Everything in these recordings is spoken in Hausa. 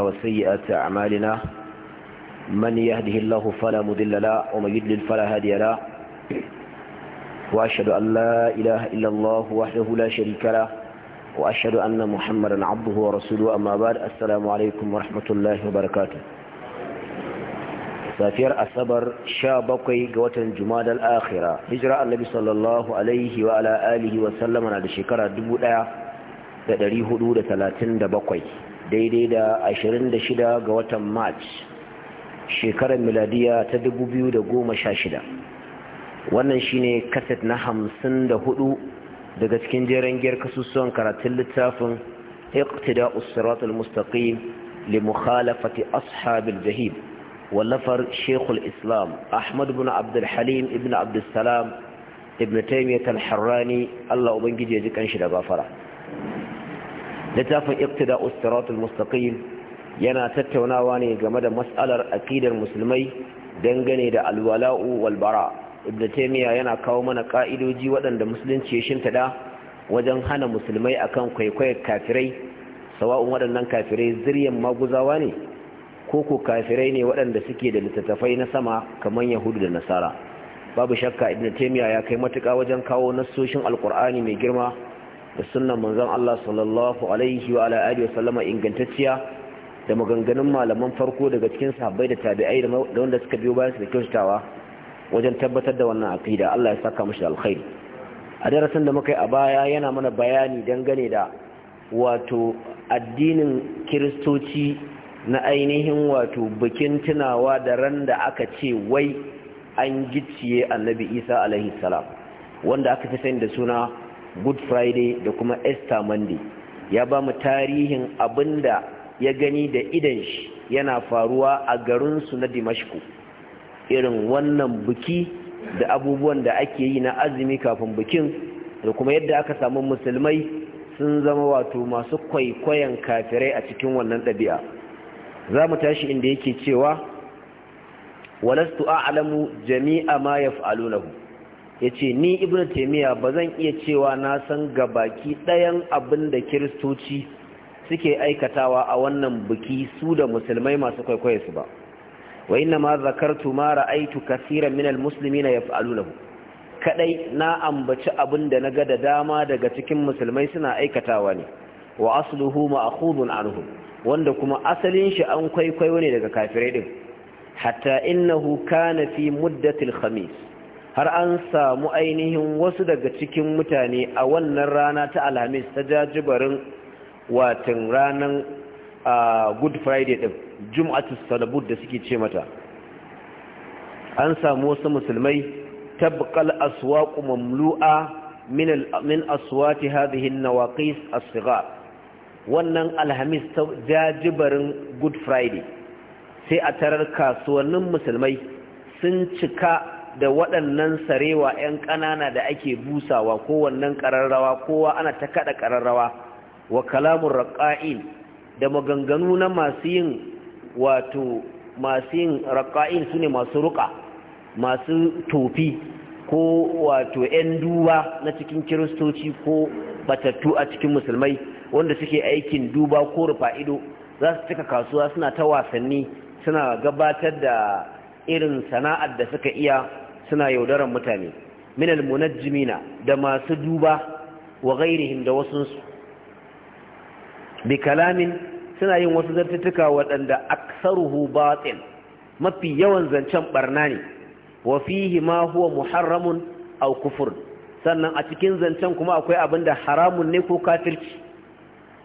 وسيئات أعمالنا من يهده الله فلا مضل له ومن يضلل فلا هادي له وأشهد أن لا إله إلا الله وحده لا شريك له وأشهد أن محمدا عبده ورسوله أما بعد السلام عليكم ورحمة الله وبركاته safiyar asabar sha bakwai ga watan jumadal akhira hijira annabi sallallahu alaihi wa ala alihi wa sallama na da shekara 1437 daidai da 26 ga watan march shekarar miladiya ta 2016 wannan shine kaset na hamsin da hudu daga cikin jeren giyar kasusuwan karatun littafin iqtida usratul mustaqim li mukhalafati ashabil jahim wallafar shekul islam ahmad ibn abdul halim ibn abdul salam ibn taymiyyah al-harrani Allah ubangiji ya ji kanshi da gafara littafin iktida ustiratul mustaqim yana tattaunawa ne game da mas'alar aqidar musulmai dangane da alwala'u wal bara ibnu taymiya yana kawo mana ka'idoji waɗanda musulunci ya shintada wajen hana musulmai akan kwaikwayar kafirai sawa'un waɗannan kafirai ziryan maguzawa ne ko ko kafirai ne waɗanda suke da littattafai na sama kamar yahudu da nasara babu shakka ibnu taymiya ya kai matuƙa wajen kawo nassoshin alqur'ani mai girma da sunan manzon Allah sallallahu alaihi wa ala alihi wasallama ingantacciya da maganganun malaman farko daga cikin sahabbai da tabi'ai da wanda suka biyo bayan su da kyautatawa wajen tabbatar da wannan aqida Allah ya saka mishi alkhairi a darasin da muka yi a baya yana mana bayani dangane da wato addinin kiristoci na ainihin wato bikin tunawa da ran da aka ce wai an gicciye annabi isa alaihi salam wanda aka fi sani da suna good friday da kuma easter monday ya ba mu tarihin abinda ya gani da idan shi yana faruwa a garinsu na dimashku irin wannan biki da abubuwan da ake yi na azumi kafin bikin da kuma yadda aka samu musulmai sun zama wato masu kwaikwayon kafirai a cikin wannan ɗabi'a za mu tashi inda yake cewa walastu a'lamu jami'a ma yaf'alunahu ya ce ni ibn taimiyya ba zan iya cewa na san gabaki ɗayan abin da kiristoci suke aikatawa a wannan biki su da musulmai masu kwaikwayo su ba wa ina ma zakartu ma ra'aitu kasiran minal musulmi na ya fi alulahu? Kaɗai na ambaci abin da na ga da dama daga cikin musulmai suna aikatawa ne wa asluhu ma'khudun anhu wanda kuma asalin shi an kwaikwayo ne daga kafirai din hatta innahu kana fi muddatil khamis har an samu ainihin wasu daga cikin mutane a wannan rana ta alhamis ta jajibarin watan ranar good friday din jumatu salabud da suke ce mata an samu wasu musulmai tabqal aswaqu mamlu'a min min aswati hadhihi nawaqis as wannan alhamis ta jajibarin good friday sai a tarar kasuwannin musulmai sun cika da waɗannan sarewa 'yan ƙanana da ake busawa ko wannan ƙararrawa kowa ana ta kaɗa ƙararrawa wa kalamun raƙa'in da maganganu na masu yin wato masu yin raƙa'in su masu ruƙa masu tofi ko wato 'yan duba na cikin kiristoci ko batattu a cikin musulmai wanda suke aikin duba ko rufa ido za su cika kasuwa suna ta wasanni suna gabatar da irin sana'ar da suka iya suna yaudaran mutane min almunajjimina da masu duba wa da wasunsu bi kalamin suna yin wasu zartattuka waɗanda aksaruhu batil mafi yawan zancen barna ne wa fihi ma huwa muharramun aw kufur sannan a cikin zancen kuma akwai abin da haramun ne ko kafirci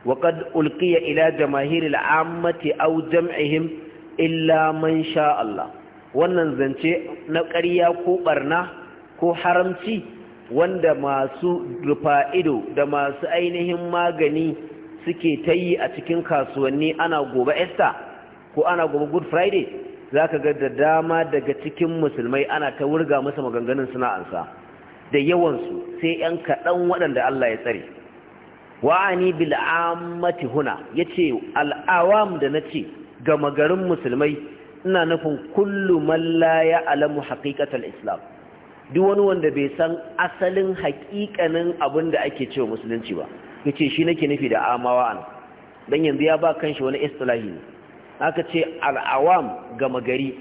wa qad ulqiya ila jamaahiril ammati aw jam'ihim illa man sha Allah wannan zance na ƙarya ko ɓarna ko haramci wanda masu rufa ido da masu ainihin magani suke ta yi a cikin kasuwanni ana gobe esta ko ana gobe good friday za ka ga da dama daga cikin musulmai ana ta wurga masa maganganun sana'ansa da yawansu sai 'yan kaɗan waɗanda allah ya tsare wa'ani bil'ammati huna ya ce al'awam da na ce gama garin musulmai ina nufin kullu man la ya'lamu islam duk wani wanda bai san asalin haƙiƙanin abin da ake cewa musulunci ba yace shi nake nufi da amawa an dan yanzu ya ba kanshi wani istilahi ne aka ce al'awam gama gari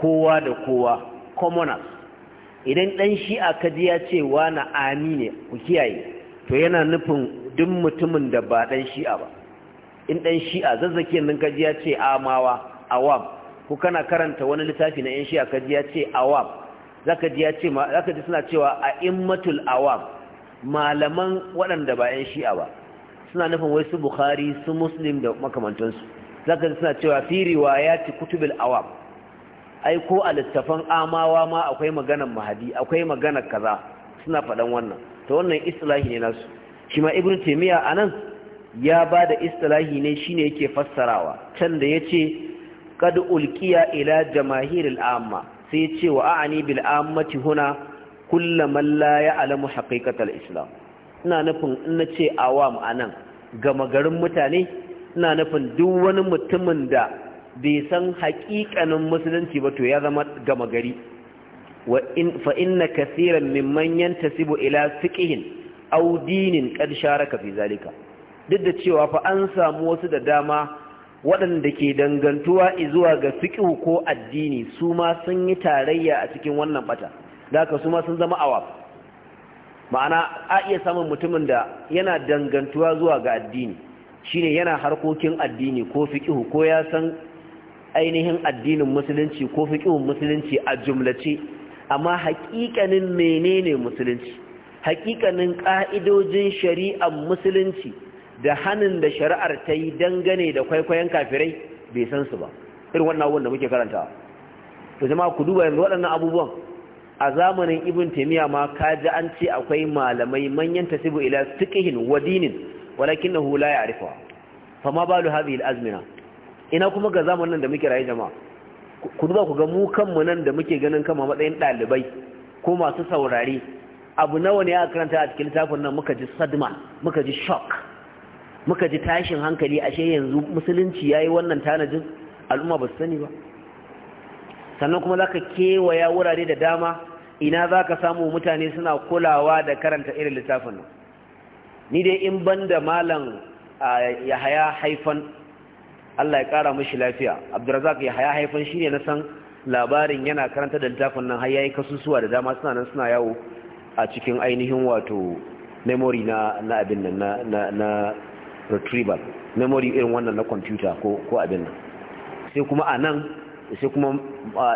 kowa da kowa commoners idan dan shi'a kaji ya ce wa ami ne ku kiyaye to yana nufin duk mutumin da ba dan shi'a ba in dan shi'a zazzakin nan kaji ya ce amawa awam ko kana karanta wani littafi na yan shi'a ka ji ya ce awam zaka ji ya ce zaka ji suna cewa a immatul awam malaman waɗanda ba yan shi'a ba suna nufin wai su bukhari su muslim da makamantansu zaka ji suna cewa fi riwayati kutubil awam ai ko a littafan amawa ma akwai maganar mahadi akwai maganar kaza suna faɗan wannan ta wannan istilahi ne nasu shi ma ibnu taymiya anan ya ba da istilahi ne shine yake fassarawa can da yace kad ulkiya ila jamahiril amma sai ce wa a'ani bil ammati huna kulla man la ya'lamu haqiqatal islam ina nufin in nace awam anan gama garin mutane ina nufin duk wani mutumin da bai san haƙiƙanin musulunci ba to ya zama gama gari wa in fa inna kaseeran mimman yantasibu ila fiqhin aw dinin qad sharaka fi zalika duk da cewa fa an samu wasu da dama waɗanda ke dangantuwa zuwa ga fiƙihu ko addini su ma sun yi tarayya a cikin wannan bata da aka su ma sun zama awa. ma'ana a iya samun mutumin da yana dangantuwa zuwa ga addini shine yana harkokin addini ko fiƙihu ko ya san ainihin addinin musulunci ko fiƙihun musulunci a jumlace amma haƙiƙanin menene musulunci haƙiƙanin ƙa'idojin shari'ar musulunci da hannun da shari'ar ta yi dangane da kwaikwayon kafirai bai san su ba irin wannan abubuwan da muke karanta to jama'a ku duba yanzu waɗannan abubuwan a zamanin ibn taymiya ma ka ji an ce akwai malamai manyan tasibu ila fiqhin wa dinin walakinahu la ya'rifa fa ma balu hadhihi al-azmina ina kuma ga zamanin da muke rayu jama'a ku duba ku ga mu kanmu nan da muke ganin kama matsayin ɗalibai ko masu saurari. abu nawa ne aka karanta a cikin littafin nan muka ji sadma muka ji shock muka ji tashin hankali ashe yanzu musulunci ya yi wannan tanajin al'umma ba su sani ba sannan kuma za ka kewaya wurare da dama ina za ka samu mutane suna kulawa da karanta irin littafin nan ni dai in ban da malam ya haya haifan Allah ya kara mashi lafiya abdurazak ya haya haifan shi ne na san labarin yana karanta da littafin nan har yayi kasusuwa da dama suna nan suna yawo a cikin ainihin wato memory na abin nan na retrieval memory irin wannan na computer ko ko abin nan sai kuma a nan sai kuma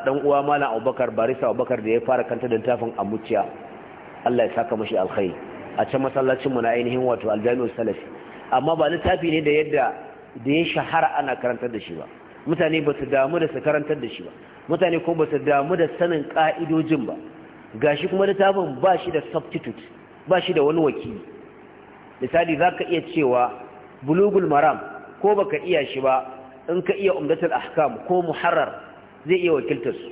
dan uwa mallam abubakar barisa abubakar da ya fara kanta da tafin amuciya Allah ya saka mashi alkhairi a can masallacin mu na ainihin wato aljami'u salafi amma ba littafi ne da yadda da ya shahara ana karantar da shi ba mutane ba su damu da su karantar da shi ba mutane ko ba su damu da sanin ka'idojin ba gashi kuma littafin ba shi da substitute ba shi da wani wakili misali za ka iya cewa bulugul maram ko baka iya shi ba in ka iya umdatul ahkam ko muharrar zai iya wakiltar su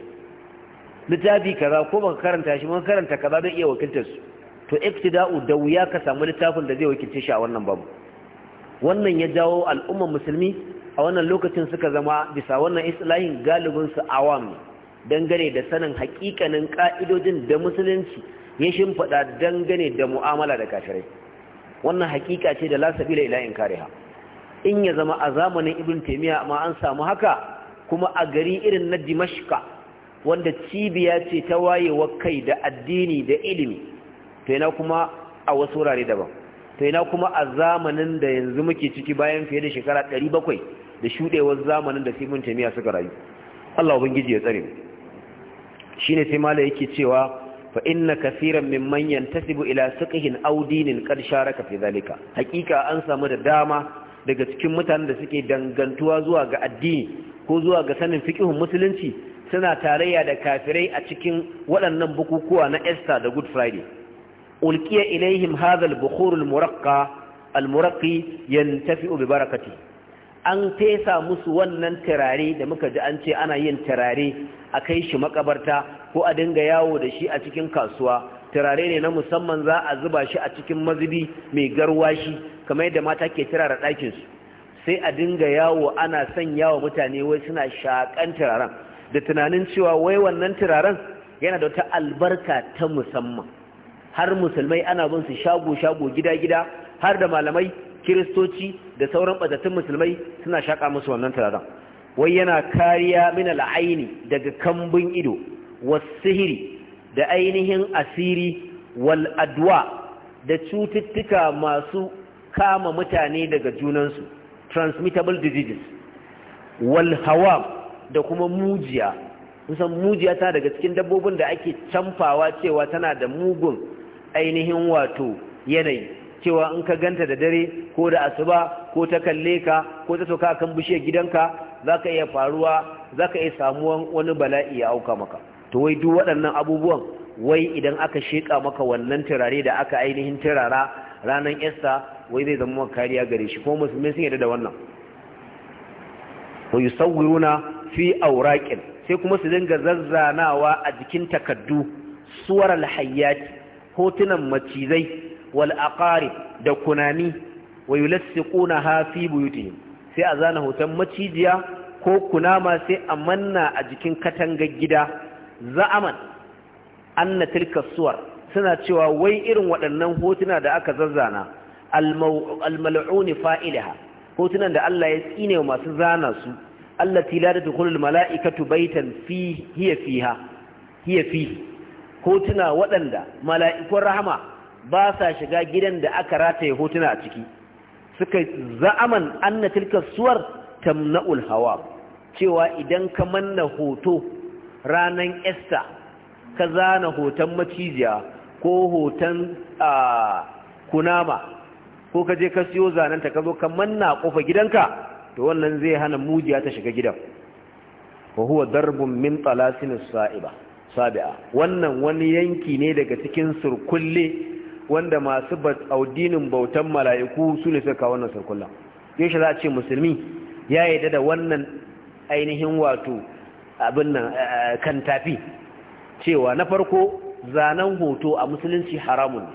littafi kaza ko baka karanta shi mun karanta kaza zai iya wakiltar su to iktida'u da wuya ka samu littafin da zai wakilce shi a wannan babu wannan ya jawo al'ummar musulmi a wannan lokacin suka zama bisa wannan islahin galibin su awam dangane da sanin hakikanin ka'idojin da musulunci ya shimfiɗa dangane da mu'amala da kafirai wannan hakika ce da la sabila ila inkariha in ya zama a zamanin ibn taymiya amma an samu haka kuma a gari irin na Dimashka, wanda cibiya ce ta wayewa kai da addini da ilimi to yana kuma a wasu wurare daban to ina kuma a zamanin da yanzu muke ciki bayan fiye da shekara 700 da shudewar zamanin da ibn taymiya suka rayu Allah ubangiji ya tsare Shi shine sai mala yake cewa fa inna mimman yantasibu ila fiqhin audinin dinin qad sharaka fi zalika hakika an samu da dama daga cikin mutanen da suke dangantuwa zuwa ga addini ko zuwa ga sanin fiƙihun musulunci suna tarayya da kafirai a cikin waɗannan bukukuwa na Easter da Good Friday Ulkiya ilaihim hadha al al-muraqqa al-muraqi yantafi'u bi barakatihi an fesa musu wannan turare da muka ji an ce ana yin turare a kai shi makabarta ko a dinga yawo da shi a cikin kasuwa turare ne na musamman za a zuba shi a cikin mazubi mai garwashi kamar yadda mata ke turara su sai a dinga yawo ana sanya wa mutane wai suna shakan turaren da tunanin cewa wai wannan turaren yana da wata albarka ta musamman har musulmai ana bin su shago-shago gida-gida har da malamai kiristoci da sauran batattun musulmai suna shaƙa musu wannan turaren wai yana kariya min al'aini daga kambun ido wasihiri da ainihin asiri wal adwa da cututtuka masu kama mutane daga junansu transmittable diseases wal hawa da kuma mujiya kusan mujiya ta daga cikin dabbobin da ake camfawa cewa tana da mugun ainihin wato yanayi cewa in ka ganta da dare ko da asuba ko ta kalle ka ko ta sauka kan bishiya gidanka za ka iya faruwa za ka iya samuwan wani bala'i ya auka maka to wai duk waɗannan abubuwan wai idan aka sheƙa maka wannan turare da aka ainihin turara ranar esta wai zai zama kariya gare shi ko musulmi sun yarda da wannan wai sauruna fi auraqin sai kuma su dinga zazzanawa a jikin takaddu suwar alhayyati hotunan macizai wal aqarib da kunami wa yulassiqunaha fi buyutihim sai a zana hoton macijiya ko kunama sai a manna a jikin katangar gida za'aman anna tilka suwar suna cewa wai irin waɗannan hotuna da aka zazzana almal'uni fa'ilaha hotunan da Allah ya tsine wa masu zana su allati la tadkhulul mala'ikatu baitan fi hiya fiha hiya fi hotuna waɗanda mala'ikun rahama ba sa shiga gidan da aka rataye hotuna a ciki suka za'aman anna tilka suwar tamna'ul hawa cewa idan ka manna hoto ranan esta ka zana hoton maciziya ko hoton kunama ko ka je ka siyo zananta ka zo ka manna kofa gidanka to wannan zai hana mujiya ta shiga gidan wa huwa darbun min talasin sa'iba sabi'a wannan wani yanki ne daga cikin surkulle wanda masu audinin bautan mala'iku su ne suka kawo wannan sarkulla yaushe za a ce musulmi ya yarda da wannan ainihin wato abin nan eh, eh, kan tafi cewa na farko zanen hoto a musulunci haramun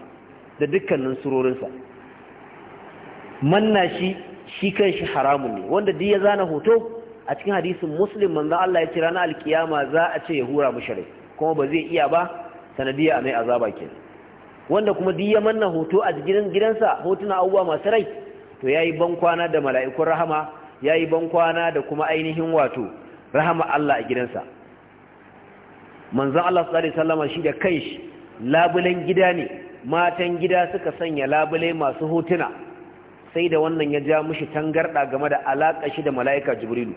da dukkanin surorinsa manna shi shi kan shi haramun ne wanda di ya zana hoto a cikin hadisin muslim manzan Allah ya ce rana alkiyama za a ce ya hura mu mushrik kuma ba zai iya ba sanadiyya mai azaba kenan wanda kuma duk ya manna hoto a gidan gidansa hotuna abubuwa masu rai to yayi ban kwana da mala'ikun rahama yayi ban kwana da kuma ainihin wato rahama Allah a gidansa manzon Allah sallallahu alaihi wasallam shi da kanshi labulen gida ne matan gida suka sanya labule masu hotuna sai da wannan ya ja mishi tangarɗa game da alaka shi da mala'ika jibrilu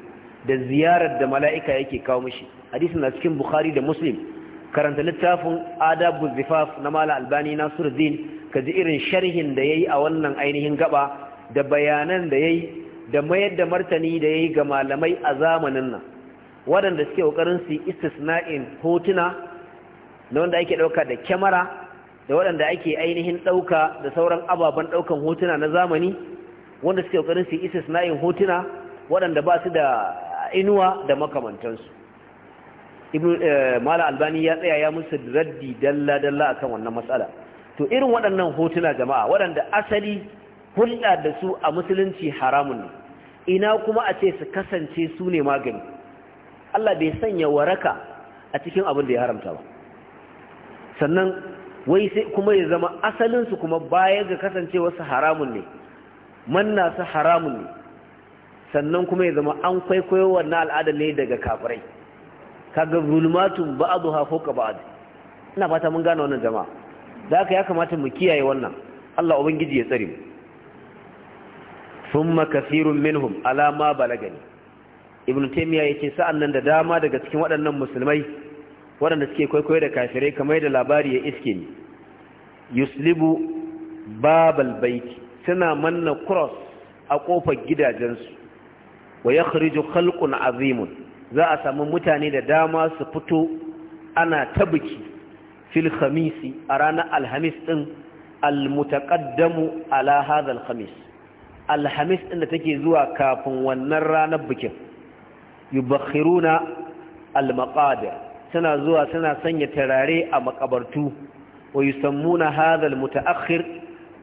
da ziyarar da mala'ika yake kawo mishi hadisin na cikin bukhari da muslim karanta littafin adabu zifaf na mala albani nasiruddin ka ji irin sharhin da ya yi a wannan ainihin gaba da bayanan da ya da mayar da martani da ya ga malamai a zamanin nan waɗanda suke ƙoƙarin su istisna'in hotuna na wanda ake ɗauka da kyamara da waɗanda ake ainihin ɗauka da sauran ababen ɗaukan hotuna na zamani wanda suke ƙoƙarin su istisna'in hotuna waɗanda ba su da inuwa da makamantansu ibn eh, mala albani ya tsaya ya musu raddi dalla dalla akan wannan matsala to irin waɗannan hotuna jama'a waɗanda asali hulɗa da su a musulunci haramun ne ina kuma a ce su kasance su ne magani Allah bai sanya waraka a cikin abin da ya haramta ba sannan wai sai kuma ya zama asalinsu kuma baya ga kasance su haramun ne manna su haramun ne sannan kuma ya zama an kwaikwayo wannan al'ada ne daga kafirai kaga zulmatun ba'dha fawqa ba'd ina fata mun gane wannan jama'a da haka ya kamata mu kiyaye wannan Allah ubangiji ya tsare mu thumma kathirun minhum ala ma balagani ibn taymiya yace sa'an nan da dama daga cikin waɗannan musulmai waɗanda suke kwaikwayo da kafirai kamar da labari ya iske ni yuslibu babal baiti suna manna cross a kofar gidajensu wa yakhriju khalqun azimun za a samu mutane da dama su fito ana ta biki fil khamisi a ranar alhamis din almutaqaddamu ala hadha alhamis alhamis din da take zuwa kafin wannan ranar bikin yubakhiruna almaƙada, suna zuwa suna sanya tarare a makabartu wa yusammuna hadha almutaakhir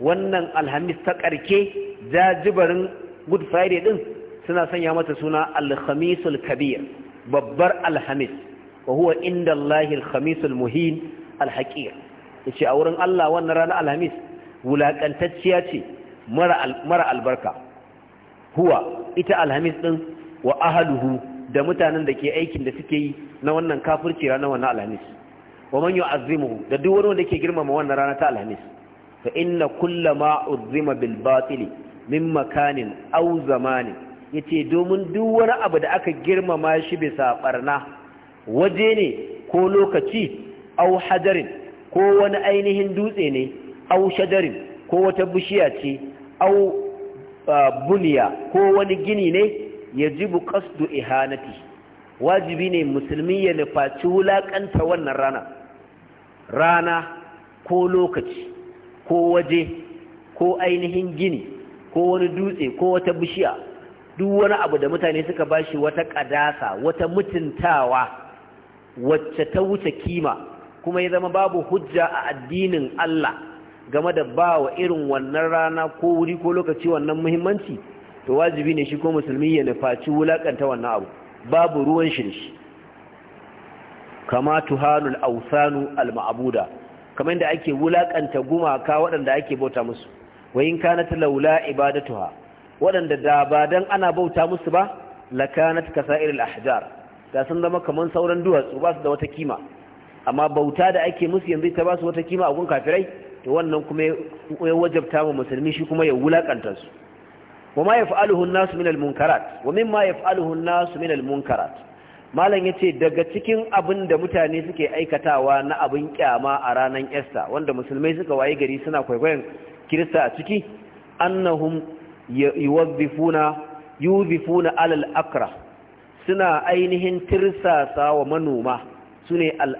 wannan alhamis ta karke jajibarin good friday din suna sanya mata suna alhamisul kabir babbar alhamis wa huwa inda Allahil khamisul muhin alhaqir yace a wurin Allah wannan ranar alhamis wulakantacciya ce mara albarka huwa ita alhamis ɗin wa ahluhu da mutanen da ke aikin da suke yi na wannan kafirci ranar wannan alhamis wa man yu'azzimuhu da duk wani wanda ke girmama wannan rana ta alhamis fa inna kullama uzzima bil batil min makanin aw zamanin Yace domin duk wani abu da aka girmama shi bisa barna waje ne ko lokaci au hadarin ko wani ainihin dutse ne au shadarin ko wata bishiya ce au buniya ko wani gini ne ya ji bukasdu ihanati wajibi ne musulmi ya nufaci wulaƙanta wannan rana rana ko lokaci ko waje ko ainihin gini ko wani dutse ko wata bishiya duk wani abu da mutane suka ba shi wata ƙadasa, wata mutuntawa wacce ta wuce kima kuma ya zama babu hujja a addinin Allah game da ba wa irin wannan rana ko wuri ko lokaci wannan muhimmanci to wajibi ne shi ko musulmi ya nufaci wulakanta wannan abu babu ruwan shi shi kama tuhanul ausanu al-ma'buda kamar yadda ake wulakanta gumaka waɗanda ake bauta musu wa in ta laula ibadatuha waɗanda da ba dan ana bauta musu ba lakanat kasairil ahjar da sun zama kaman sauran duwatsu ba su da wata kima amma bauta da ake musu yanzu ta ba su wata kima a gun kafirai to wannan kuma ya wajabta wa musulmi shi kuma ya wulakanta su wama yaf'aluhu an nasu min al-munkarat wa mimma yaf'aluhu an nasu min al-munkarat malam yace daga cikin abin da mutane suke aikatawa na abin kyama a ranar Esta wanda musulmai suka waye gari suna kwaikwayon Kirista a ciki annahum yuwazzifuna yuzifuna alal akra suna ainihin tirsasa wa manoma sune al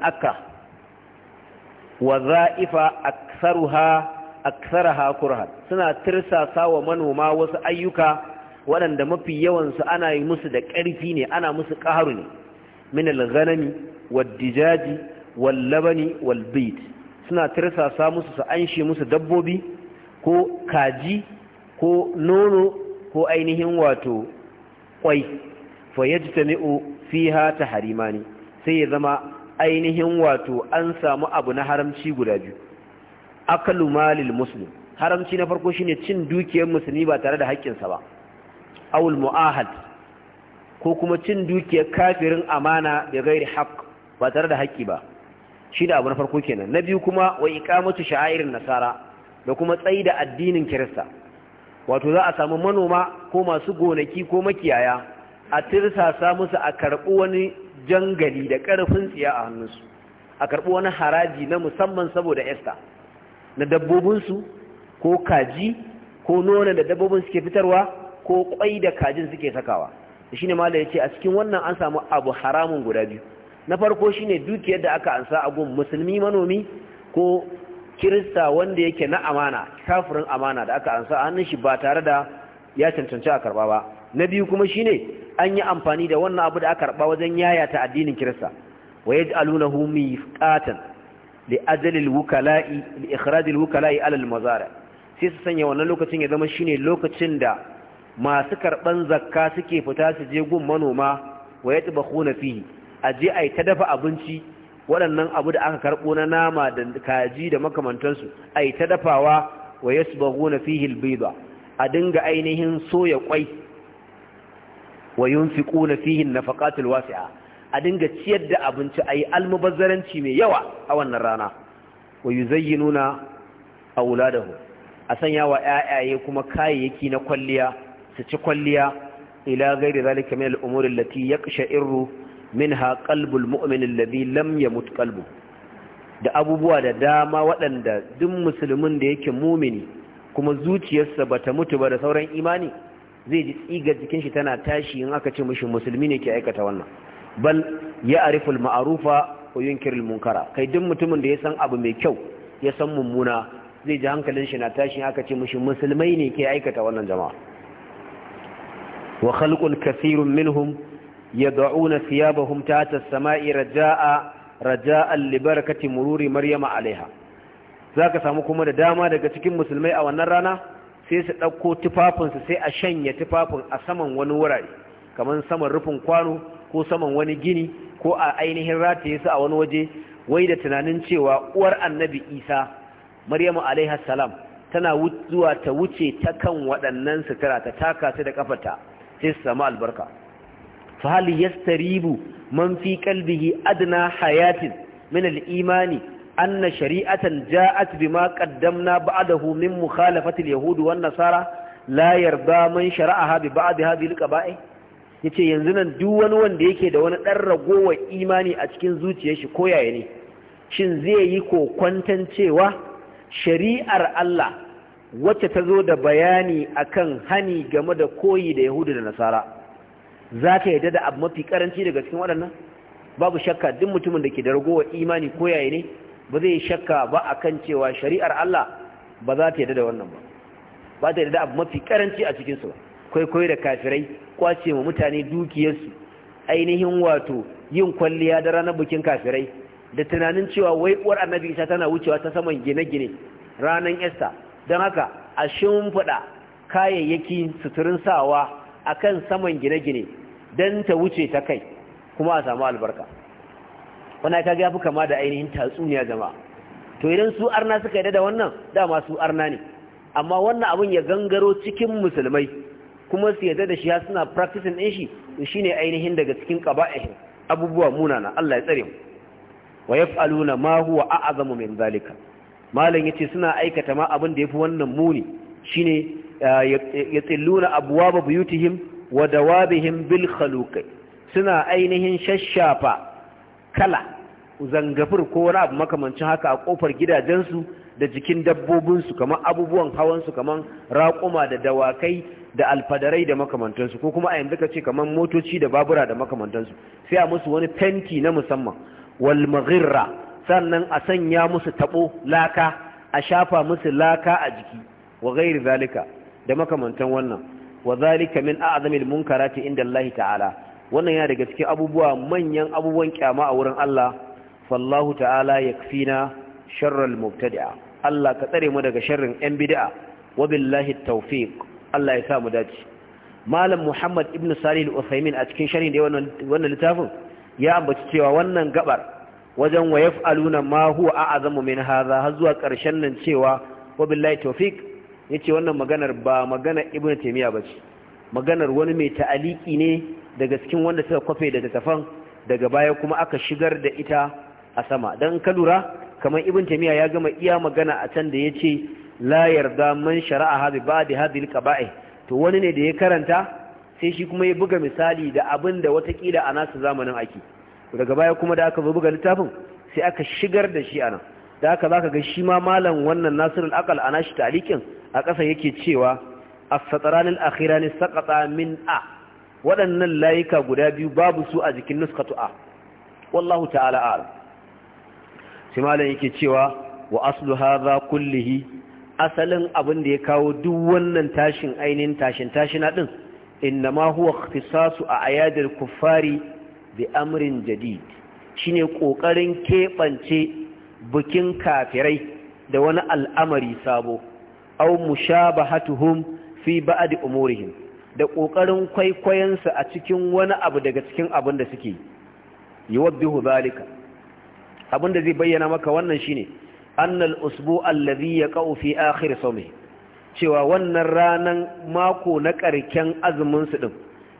wa za'ifa aktsaruha aktsaraha kurhan suna tirsasa wa manoma wasu ayyuka waɗanda mafi yawansu ana yi musu da ƙarfi ne ana musu ƙaharu ne min al-ghanami wad-dijaji wal-labani wal-bayt suna tirsasa musu su anshe musu dabbobi ko kaji ko nono ko ainihin wato kwai fa yajtami'u fiha taharimani sai ya zama ainihin wato an samu abu na haramci guda biyu akalu malil muslim haramci na farko shine cin dukiyar musulmi ba tare da haƙƙinsa ba awul mu'ahad ko kuma cin dukiyar kafirin amana da gairi haqq ba tare da haƙƙi ba shi da abu na farko kenan na biyu kuma wa iqamatu sha'irin nasara da kuma tsaida addinin kirista wato za a samu manoma ko masu gonaki ko makiyaya a tirsasa musu a karɓi wani jangali da ƙarfin tsiya a hannunsu a karɓi wani haraji na musamman saboda esta na dabbobinsu ko kaji ko nono da dabbobin suke fitarwa ko kwai da kajin suke sakawa shi ne ya ce a cikin wannan an samu abu haramun guda biyu na farko shine dukiyar da aka ansa a gun musulmi manomi ko kirista wanda yake na amana kafirin amana da aka ansa hannun shi ba tare da ya cancanci a karba ba na biyu kuma shine an yi amfani da wannan abu da aka karba wajen yayata addinin kirista wa yaj'alunahu miqatan li ajli al-wukala'i li ikhraj wukalai ala al sai su sanya wannan lokacin ya zama shi ne lokacin da masu karban zakka suke fita su je gun manoma wa yatbakhuna fihi aje ai ta dafa abinci waɗannan abu da aka karɓo na nama da kaji da makamantansu a yi ta dafawa wa ya su bago na fihil baiba a dinga ainihin soya kwai wa yun fi ƙuna fihin na faƙatul wasi'a a dinga ciyar da abinci a yi almubazzaranci mai yawa a wannan rana wa yi nuna a wuladahu a sanya wa ‘ya'yaye kuma kayayyaki na kwalliya su ci kwalliya ila gairi zalika min al'umurin lati ya ƙashe irru minha qalbul mu'min alladhi lam yamut qalbu da abubuwa da dama waɗanda duk musulmin da yake mumini kuma zuciyarsa bata mutu ba da sauran imani zai ji tsigar jikin shi tana tashi in aka ce mishi musulmi ne ke aikata wannan bal ya ariful ma'arufa ko yunkirul munkara kai duk mutumin da ya san abu mai kyau ya san mummuna zai ji hankalin shi na tashi aka ce mishi musulmai ne ke aikata wannan jama'a wa khalqul kathirun minhum Ya thiyabahum tahta as-sama'i raja'a raja'an li barakati mururi maryama alaiha zaka samu kuma da dama daga cikin musulmai a wannan rana sai su dauko tufafinsu sai a shanya tufafin a saman wani wurare kamar saman rufin kwano ko saman wani gini ko a ainihin rataye su a wani waje wai da tunanin cewa uwar annabi Isa Maryamu alaiha salam tana zuwa ta wuce ta kan waɗannan sutura ta taka su da kafarta sai su samu albarka fa hal yastaribu man fi qalbihi adna hayatin minal imani anna shari'atan ja'at maƙaddamna qaddamna ba'dahu min mukhalafati al-yahud wan nasara la yarda man shara'aha bi ba'd hadhihi al-qaba'i yanzu nan duk wani wanda yake da wani dan ragowar imani a cikin zuciyar shi koyaye ne shin zai yi ko kwantan shari'ar Allah wacce ta zo da bayani akan hani game da koyi da Yahudu da Nasara za ka yadda da abu mafi karanci daga cikin waɗannan babu shakka duk mutumin da ke da ragowar imani ko yaya ne ba zai shakka ba a kan cewa shari'ar Allah ba za ta yadda da wannan ba ba ta yadda da abu mafi karanci a cikin su kwaikwai da kafirai kwace ma mutane dukiyarsu ainihin wato yin kwalliya da ranar bikin kafirai da tunanin cewa wai uwar annabi isa tana wucewa ta saman gine-gine ranar esta don haka a shimfiɗa kayayyaki suturin sawa akan saman gine-gine dan ta wuce ta kai kuma a samu albarka wannan kaga yafi kama da ainihin tatsuniya jama'a to idan su arna suka yadda da wannan dama su arna ne amma wannan abun ya gangaro cikin musulmai kuma su yadda da shi ya suna practicing din shi shine ainihin daga cikin qaba'ih abubuwa munana Allah ya tsare mu wa yaf'aluna ma huwa a'zamu min zalika malam yace suna aikata ma abin da yafi wannan muni shine ya tsilluna abwaba buyutihim wa dawabihim bil suna ainihin shashafa kala zangafur ko wani abu makamancin haka a kofar gidajensu da jikin dabbobinsu kamar abubuwan hawansu kamar raƙuma da dawakai da alfadarai da makamantansu ko kuma a yanzu ka ce kamar motoci da babura da makamantansu sai a musu wani fenti na musamman wal maghirra sannan a sanya musu tabo laka a shafa musu laka a jiki wa ghairi zalika da makamantan wannan wa zalika min a'zamil munkarati inda Allah ta'ala wannan yana daga cikin abubuwa manyan abubuwan kyama a wurin Allah fallahu ta'ala yakfina sharral mubtadi'a Allah ka tsare mu daga sharrin yan bid'a wa tawfiq Allah ya sa mu dace malam Muhammad ibn Salih al a cikin sharhin da wannan wannan littafin ya ambaci cewa wannan gabar wajen wa yaf'aluna ma huwa a'zamu min hadha har zuwa karshen nan cewa wa billahi tawfiq ya ce wannan maganar ba magana taimiyya ba ce. maganar wani mai ta'aliki ne daga cikin wanda suka kwafe daga tafan daga baya kuma aka shigar da ita a sama Don ka lura kamar Ibn taimiyya ya gama iya magana a can da ya la yarda man shara'a bi ba'di hadhihi to wani ne da ya karanta sai shi kuma ya buga misali da abin da watakila a nasu zamanin ake daga baya kuma da aka buga littafin sai aka shigar da shi a nan. da za ka ga shi ma malam wannan Nasirul Akal a nashi talikin a ƙasa yake cewa as-satranil akhirani saqata min a waɗannan layuka guda biyu babu su a jikin nuskatu a wallahu ta'ala a'lam sai yake cewa wa aslu hadha kullihi asalin abin da ya kawo duk wannan tashin ainihin tashin tashina din ma huwa fisasu a ayadar kuffari bi amrin jadid shine ƙoƙarin keɓance bukin kafirai da wani al'amari sabo aw mushabahatuhum fi ba'd umurihim da kokarin kwaikwayon su a cikin wani abu daga cikin abin da suke yuwaddihu zalika abin da zai bayyana maka wannan shine annal usbu' alladhi yaqa'u fi akhir sawmi cewa wannan ranan mako na karken azumin su din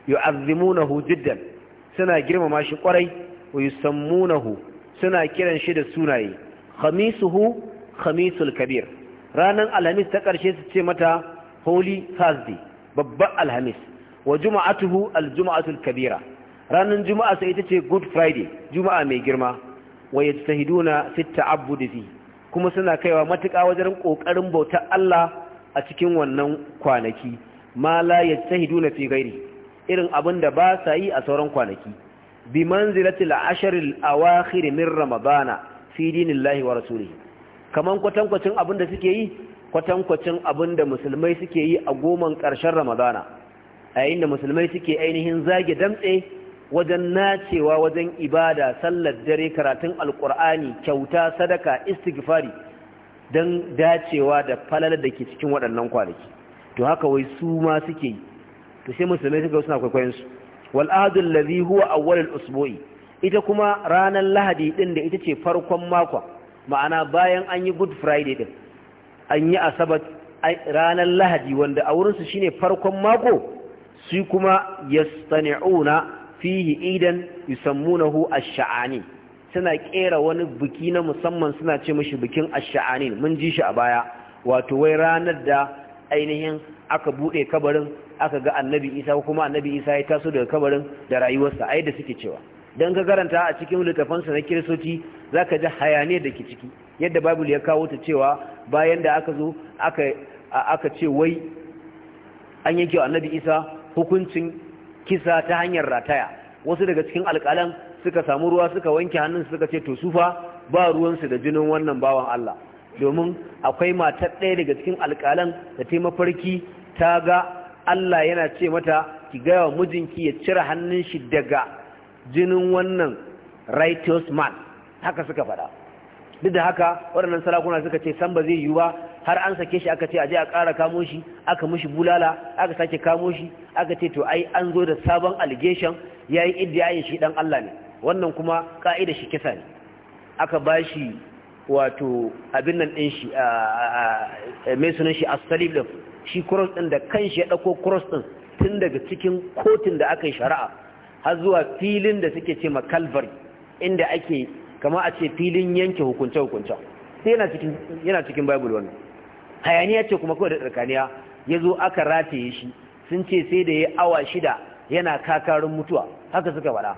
yu'azzimunahu jiddan suna girmama shi kwarai wa yusammunahu suna kiran shi da sunaye khamisuhu khamisul kabir ranar alhamis ta ƙarshe su ce mata holy thursday babban alhamis wa juma'atuhu aljuma'atul kabira ranar juma'a sai ita ce good friday juma'a mai girma wa yajtahiduna fi ta'abbud fi kuma suna kaiwa matuƙa wajen ƙoƙarin bautar Allah a cikin wannan kwanaki ma la yajtahiduna fi ghairi irin abin da ba sa yi a sauran kwanaki bi manzilatil asharil awakhir min ramadana fi dinillahi wa rasulihi kaman kwatankwacin abin da suke yi kwatankwacin abin da musulmai suke yi a goman ƙarshen ramadana a yayin da musulmai suke ainihin zage damtse wajen nacewa wajen ibada sallar dare karatun alkur'ani kyauta sadaka istighfari don dacewa da falalar da ke cikin waɗannan kwanaki to haka wai su ma suke yi to sai musulmai suka suna kwaikwayon su wal ahadul ladhi huwa awwalul usbu'i ita kuma ranar lahadi din da ita ce farkon makon ma'ana bayan an yi good friday din an yi asabar ranar lahadi wanda a wurinsu shine farkon mako su kuma ya tsani'una fihi idan yusammunahu a shaani suna kera wani biki na musamman suna ce mashi bikin Asha'anin, shaani mun ji shi a baya wato wai ranar da ainihin aka bude kabarin aka ga annabi Isa kuma annabi Isa ya taso daga kabarin da rayuwarsa ai da suke cewa dan ka karanta a cikin littafansa na kiristoci ka ji hayane da ke ciki yadda babul ya kawo ta cewa bayan da aka zo aka aka ce wai an yanke annabi isa hukuncin kisa ta hanyar rataya wasu daga cikin alƙalan suka samu ruwa suka wanke hannun suka ce to sufa ba ruwansu da jinin wannan bawan Allah domin akwai matar ɗaya daga cikin alƙalan da ta mafarki ta ga Allah yana ce mata ki gaya wa mijinki ya cire hannun shi daga jinin wannan righteous man haka suka faɗa duk da haka waɗannan sarakuna suka ce san ba zai yiwu ba har an sake shi aka ce a je a ƙara kamo shi aka mushi bulala aka sake kamo shi aka ce to ai an zo da sabon allegation yayi iddiyayin shi dan Allah ne wannan kuma ka'ida shi kisa ne aka bashi wato abin nan din shi mai sunan shi as-salib din shi cross din da kanshi ya ɗauko cross ɗin tun daga cikin kotun da aka yi shari'a har zuwa filin da suke ce makalvari inda ake kama a ce filin yanke hukunce-hukunce sai yana cikin bible wannan hayaniya ce kuma kawai da tsarkaniya ya zo aka rataye shi sun ce sai da ya awa shida yana kakarun mutuwa haka suka faɗa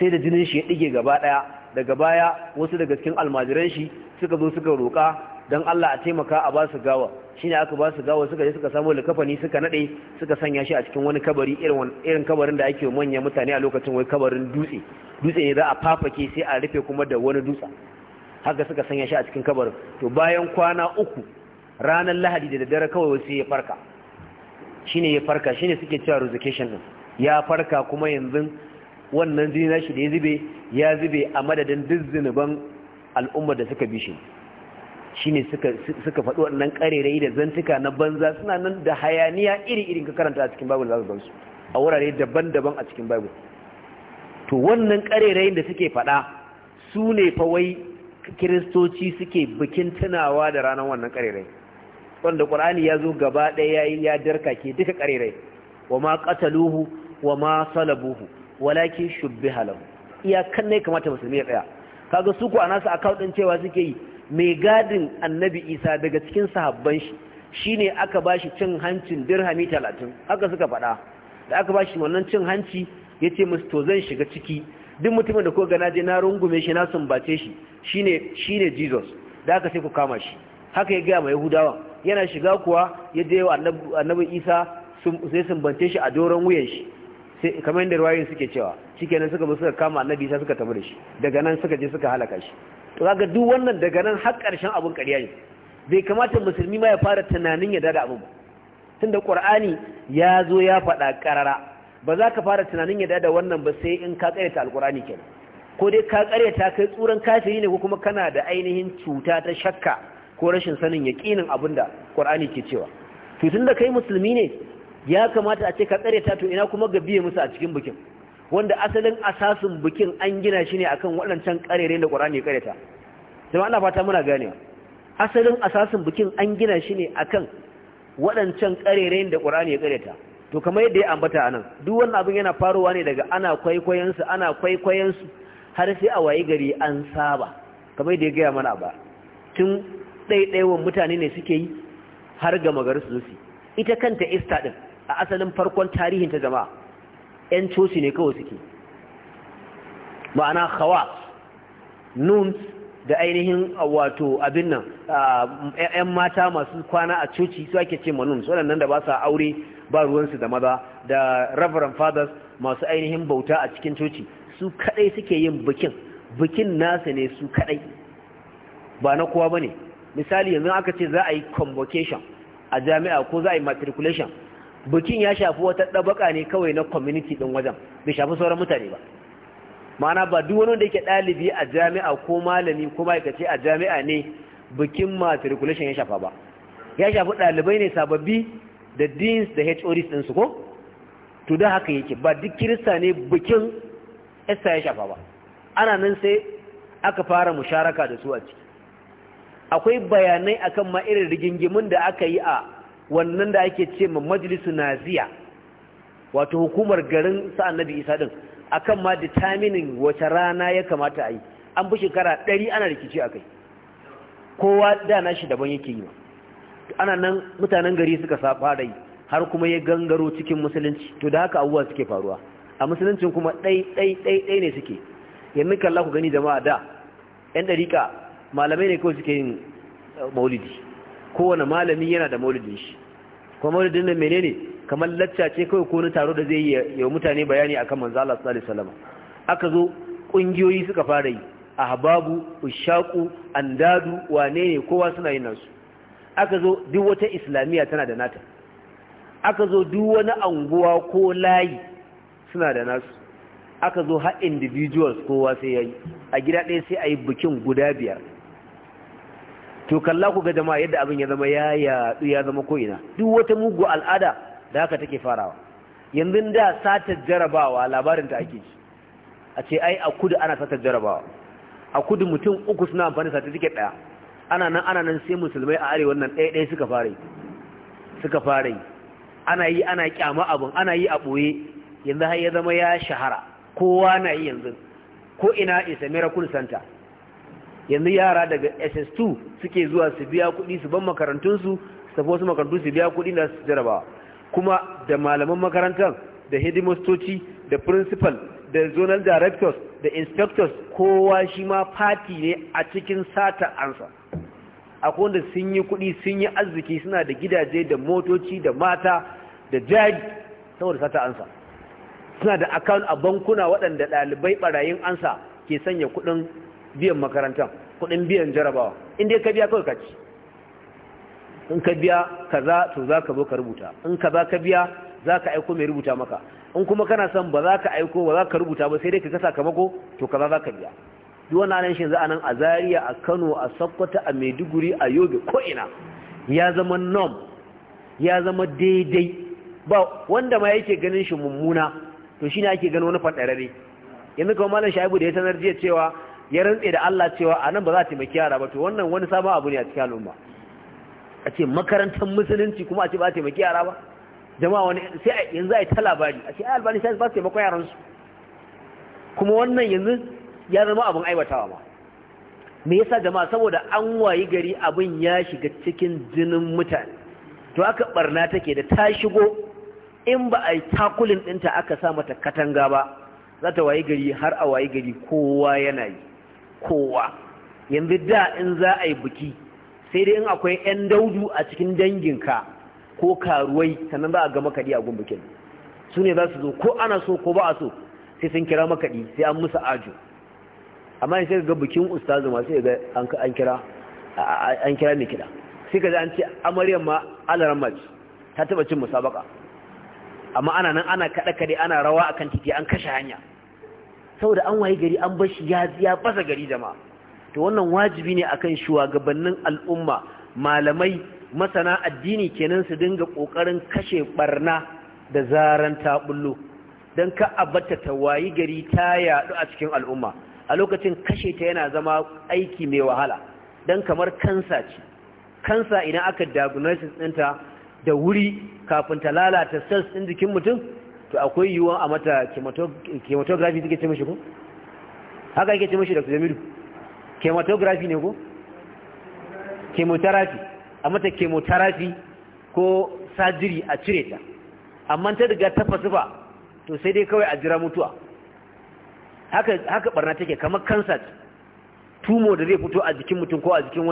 sai da jinin shi ya ɗige gaba ɗaya daga baya wasu daga cikin almajiran shi suka zo suka roƙa don Allah a taimaka a ba su gawa ne aka ba su gawa suka je suka samu likafani suka nade suka sanya shi a cikin wani kabari irin kabarin da ake manyan mutane a lokacin wai kabarin dutse dutse ne za a fafake sai a rufe kuma da wani dutse haka suka sanya shi a cikin kabarin to bayan kwana uku ranar lahadi da daddare kawai sai ya farka shi ne ya farka shi ne suke cewa resurrection din ya farka kuma yanzu wannan jini nashi da ya zube ya zube a madadin duk zinuban al'ummar da suka bi shi shine suka suka faɗi wannan ƙarerai da zantuka na banza suna nan da hayaniya iri-irin ka karanta a cikin bible za su gansu a wurare daban-daban a cikin bible to wannan ƙarerayin da suke faɗa su ne fa wai kiristoci suke bikin tunawa da ranar wannan ƙarerayin wanda ƙur'ani ya zo gaba ɗaya ya darka ke duka ƙarerai wa ma ƙataluhu, wa ma salabuhu walakin shubbi lahu iyakan ne kamata musulmi ya tsaya kaga su ku a nasu account din cewa suke yi mai gadin annabi isa daga cikin sahabban shi shine aka ba shi cin hancin dirhami talatin haka suka faɗa da aka ba shi wannan cin hanci ya ce musu to zan shiga ciki duk mutumin da ko gana je na rungume shi na sumbace shi shine jesus da aka sai ku kama shi haka ya gaya ma yahudawan yana shiga kuwa ya je wa annabin isa sai sumbance shi a doron wuyan shi kamar yadda ruwayoyin suke cewa shikenan suka bi suka kama annabi isa suka tafi da shi daga nan suka je suka halaka shi to kaga duk wannan daga nan har karshen abun ƙarya ne bai kamata musulmi ma ya fara tunanin ya dada abin tunda qur'ani ya zo ya faɗa ƙarara ba za ka fara tunanin ya dada wannan ba sai in ka ƙaryata alqur'ani kenan ko dai ka ƙaryata kai tsuran kafiri ne ko kuma kana da ainihin cuta ta shakka ko rashin sanin yaƙinin abin da qur'ani ke cewa to tunda kai musulmi ne ya kamata a ce ka ƙaryata to ina kuma ga biye musu a cikin bikin wanda asalin asasin bikin an gina shi ne akan waɗancan ƙarere da ƙwararren ya ƙareta zama ana fata muna gane asalin asasin bikin an gina shi ne akan waɗancan ƙarere da ƙwararren ya ƙareta to kamar yadda ya ambata a nan duk wani abin yana faruwa ne daga ana kwaikwayensu ana kwaikwayensu har sai a wayi gari an saba kamar yadda ya gaya mana ba tun ɗaiɗaiwan mutane ne suke yi har gama gari su ita kanta ista ɗin a asalin farkon tarihin ta jama'a 'yan coci ne kawai suke ma'ana hawa nun da ainihin wato abin nan ‘yan mata masu kwana a coci su ake ce manun waɗannan da ba sa aure ba ruwansu da maza da reverend fathers masu ainihin bauta a cikin coci su kadai suke yin bikin bikin nasa ne su kadai ba na kowa ba ne misali yanzu aka ce za a yi convocation a jami'a ko za a yi matriculation bikin ya shafi wata ɗabaƙa ne kawai na community ɗin wajen bai shafi sauran mutane ba ma'ana ba duk wani da yake ɗalibi a jami'a ko malami ko ma'aikaci a jami'a ne bikin matriculation ya shafa ba ya shafi ɗalibai ne sababbi da deans da HODs ɗinsu ko to da haka yake ba duk kirista ne bikin esta ya shafa ba ana nan sai aka fara musharaka da su a ciki akwai bayanai akan ma irin rigingimin da aka yi a wannan da ake ce ma majalisu naziya wato hukumar garin sa'an annabi isa din akan ma determining wace rana ya kamata a yi an fi shekara ɗari ana rikici a kai kowa dana shi daban yake yi ana nan mutanen gari suka fara yi har kuma ya gangaro cikin musulunci to da haka abubuwa suke faruwa a musuluncin kuma ɗai ɗai ɗai ɗai ne suke yanzu kalla ku gani jama'a da 'yan ɗarika, malamai ne kawai suke yin eh, maulidi kowane malami yana da maulidin shi kuma maulidin nan menene kamar lacca ce kawai ko na taro da zai yi ya mutane bayani akan manzo Allah sallallahu alaihi wasallam aka zo kungiyoyi suka fara yi ahbabu ushaku andadu wane ne kowa suna yin nasu aka zo duk wata islamiyya tana da nata aka zo duk wani anguwa ko layi suna da nasu aka zo har individuals kowa sai yayi a gida ɗaya sai a yi bikin guda biyar to kalla ku ga jama'a yadda abin ya zama ya yaɗu ya zama ko'ina duk wata mugu al'ada da haka take farawa yanzu da sata jarabawa labarinta ta ake ci a ce ai a kudu ana sata jarabawa a kudu mutum uku suna amfani certificate ɗaya ana nan ana nan sai musulmai a arewa nan ɗaya ɗaya suka fara suka fara yi ana yi ana kyama abin ana yi a ɓoye yanzu har ya zama ya shahara kowa na yi yanzu ko ina isa kun santa yanzu yara daga ss2 suke zuwa su biya kuɗi su ban makarantunsu su tafi wasu makarantu su biya kuɗi na su jarabawa kuma da malaman makarantar da headmastoci da principal da zonal directors da inspectors kowa shi ma fati ne a cikin sata ansa akwai wanda sun yi kuɗi sun yi arziki suna da gidaje da motoci da mata da jaj saboda sata ansa suna da account a bankuna waɗanda ɗalibai ɓarayin ansa ke sanya kuɗin biyan makarantar kudin biyan jarabawa inda ya kabiya kawai kaci in ka biya ka za to za ka zo ka rubuta in ka za ka biya za ka aiko mai rubuta maka in kuma kana son ba za ka aiko ba za ka rubuta ba sai dai ka kasa kamako to ka za za ka biya duk wani anan shin za a nan a Zaria a Kano a Sokoto a Maiduguri a Yobe ko ina ya zama norm ya zama daidai ba wanda ma yake ganin shi mummuna to shine ake gano wani fadarare yanzu kuma malam Shaibu da ya sanar jiya cewa ya rantse da Allah cewa a nan ba za ta taimaki yara ba to wannan wani sabon abu ne a cikin al'umma a ce makarantar musulunci kuma a ce ba ta taimaki yara ba jama'a wani sai yanzu ai ta labari a ce ai albani sai ba su yaran yaransu kuma wannan yanzu ya zama abin aiwatawa ma me yasa jama'a saboda an wayi gari abin ya shiga cikin jinin mutane to aka barna take da ta shigo in ba a yi takulin ɗinta aka sa mata katanga ba za ta wayi gari har a wayi gari kowa yana yi kowa yanzu da in za a yi biki sai dai in akwai 'yan daudu a cikin danginka ko karuwai sannan za a ga makaɗi a gumbukin su ne za su zo ko ana so ko ba a so sai sun kira makaɗi sai an musu ajo amma sai ga bikin ustazu ma sai ga an kira an kira mai kiɗa sai ka ji an ce amaryar ma alaran ta taɓa cin musabaka amma ana nan ana kaɗe-kaɗe ana rawa akan titi an kashe hanya saboda an waye gari an bashi, shi ya fasa gari jama'a to wannan wajibi ne akan shugabannin al'umma malamai masana addini kenan su dinga kokarin kashe barna da zaran ta bullo dan ka abata ta wayi gari ta yadu a cikin al'umma a lokacin kashe ta yana zama aiki mai wahala dan kamar kansa ce kansa idan aka diagnosis ɗinta da wuri kafin ta lalata cells ɗin jikin mutum to akwai yiwuwa a mata chemotography suke ce mashi ko haka yake ce mashi da zamiru chemotography ne ko chemotherapy a mata chemotherapy ko surgery a cire ta amma ta riga ta fasufa to sai dai kawai a jira mutuwa haka haka barna take kamar cancer tumo da zai fito a jikin mutum ko a jikin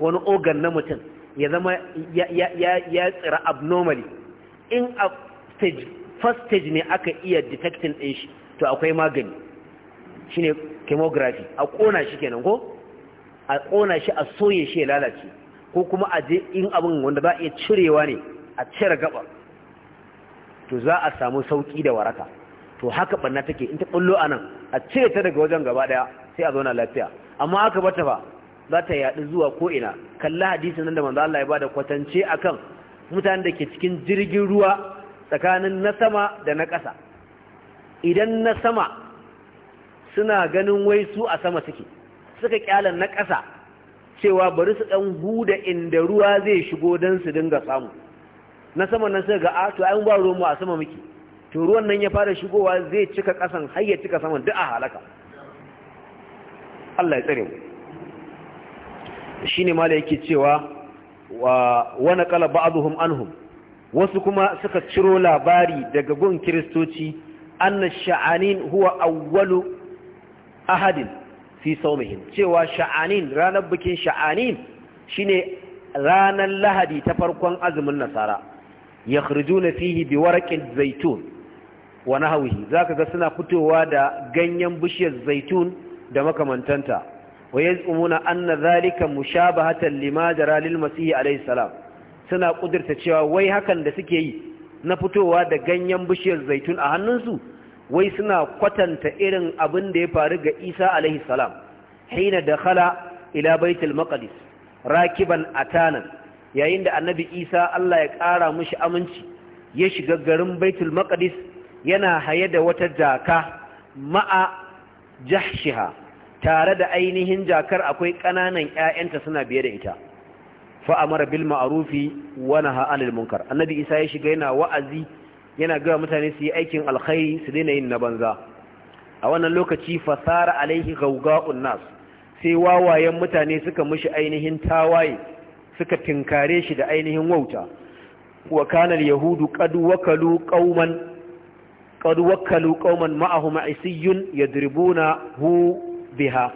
wani organ na mutum ya zama ya ya tsira abnormally in a stage first stage ne aka iya detecting ɗin shi to akwai magani shine chemography a ƙona shi kenan ko a ƙona shi a soye shi ya lalace ko kuma a je in abin wanda za a cirewa ne a cire gaba to za a samu sauki da waraka to haka banna take in ta bullo anan a cire ta daga wajen gaba daya sai a zauna lafiya amma aka bata ba za ta yaɗu zuwa ko ina kalla hadisin nan da manzo Allah ya bada kwatance akan mutanen da ke cikin jirgin ruwa tsakanin na sama da na ƙasa idan na sama suna ganin wai su a sama suke suka kyala na ƙasa cewa bari su ɗan huda inda ruwa zai shigo don su dinga samu na sama nan suka ga a ah, to an ba mu a sama muke to ruwan nan ya fara shigowa zai cika ƙasan har ya cika saman duk a halaka Allah ya tsare mu shine mala yake cewa wa wa naqala ba'dhum anhum wasu kuma suka ciro labari daga gun kiristoci anna sha'anin huwa awwalu ahadin fi saumihim cewa sha'anin ranar bikin sha'anin shine ranar lahadi ta farkon azumin nasara ya khurjuna fihi bi warqin zaitun wa nahwihi zaka ga suna fitowa da ganyen bishiyar zaitun da makamantanta wa yaz'umuna anna dhalika mushabahatan lima jara lil masih alayhi salam suna kudurta cewa wai hakan da suke yi na fitowa da ganyen bishiyar zaitun a hannunsu wai suna kwatanta irin abin da ya faru ga isa alaihi salam hina da khala ila baitul maqdis rakiban atanan yayin da annabi isa allah ya ƙara mushi aminci ya shiga garin baitul maqdis yana haye da wata jaka ma'a jahshiha tare da ainihin jakar akwai ƙananan 'ya'yanta suna biye da ita fa mara bil ma'rufi wa naha 'anil munkar annabi isa ya shiga yana wa'azi yana ga mutane su yi aikin alkhairi su daina yin na banza a wannan lokaci fasara alaihi gawga'un nas sai wawayen mutane suka mushi ainihin tawaye suka tinkare shi da ainihin wauta wa yahudu qad wakalu qauman qad wakalu qauman ma'ahum yadribuna hu biha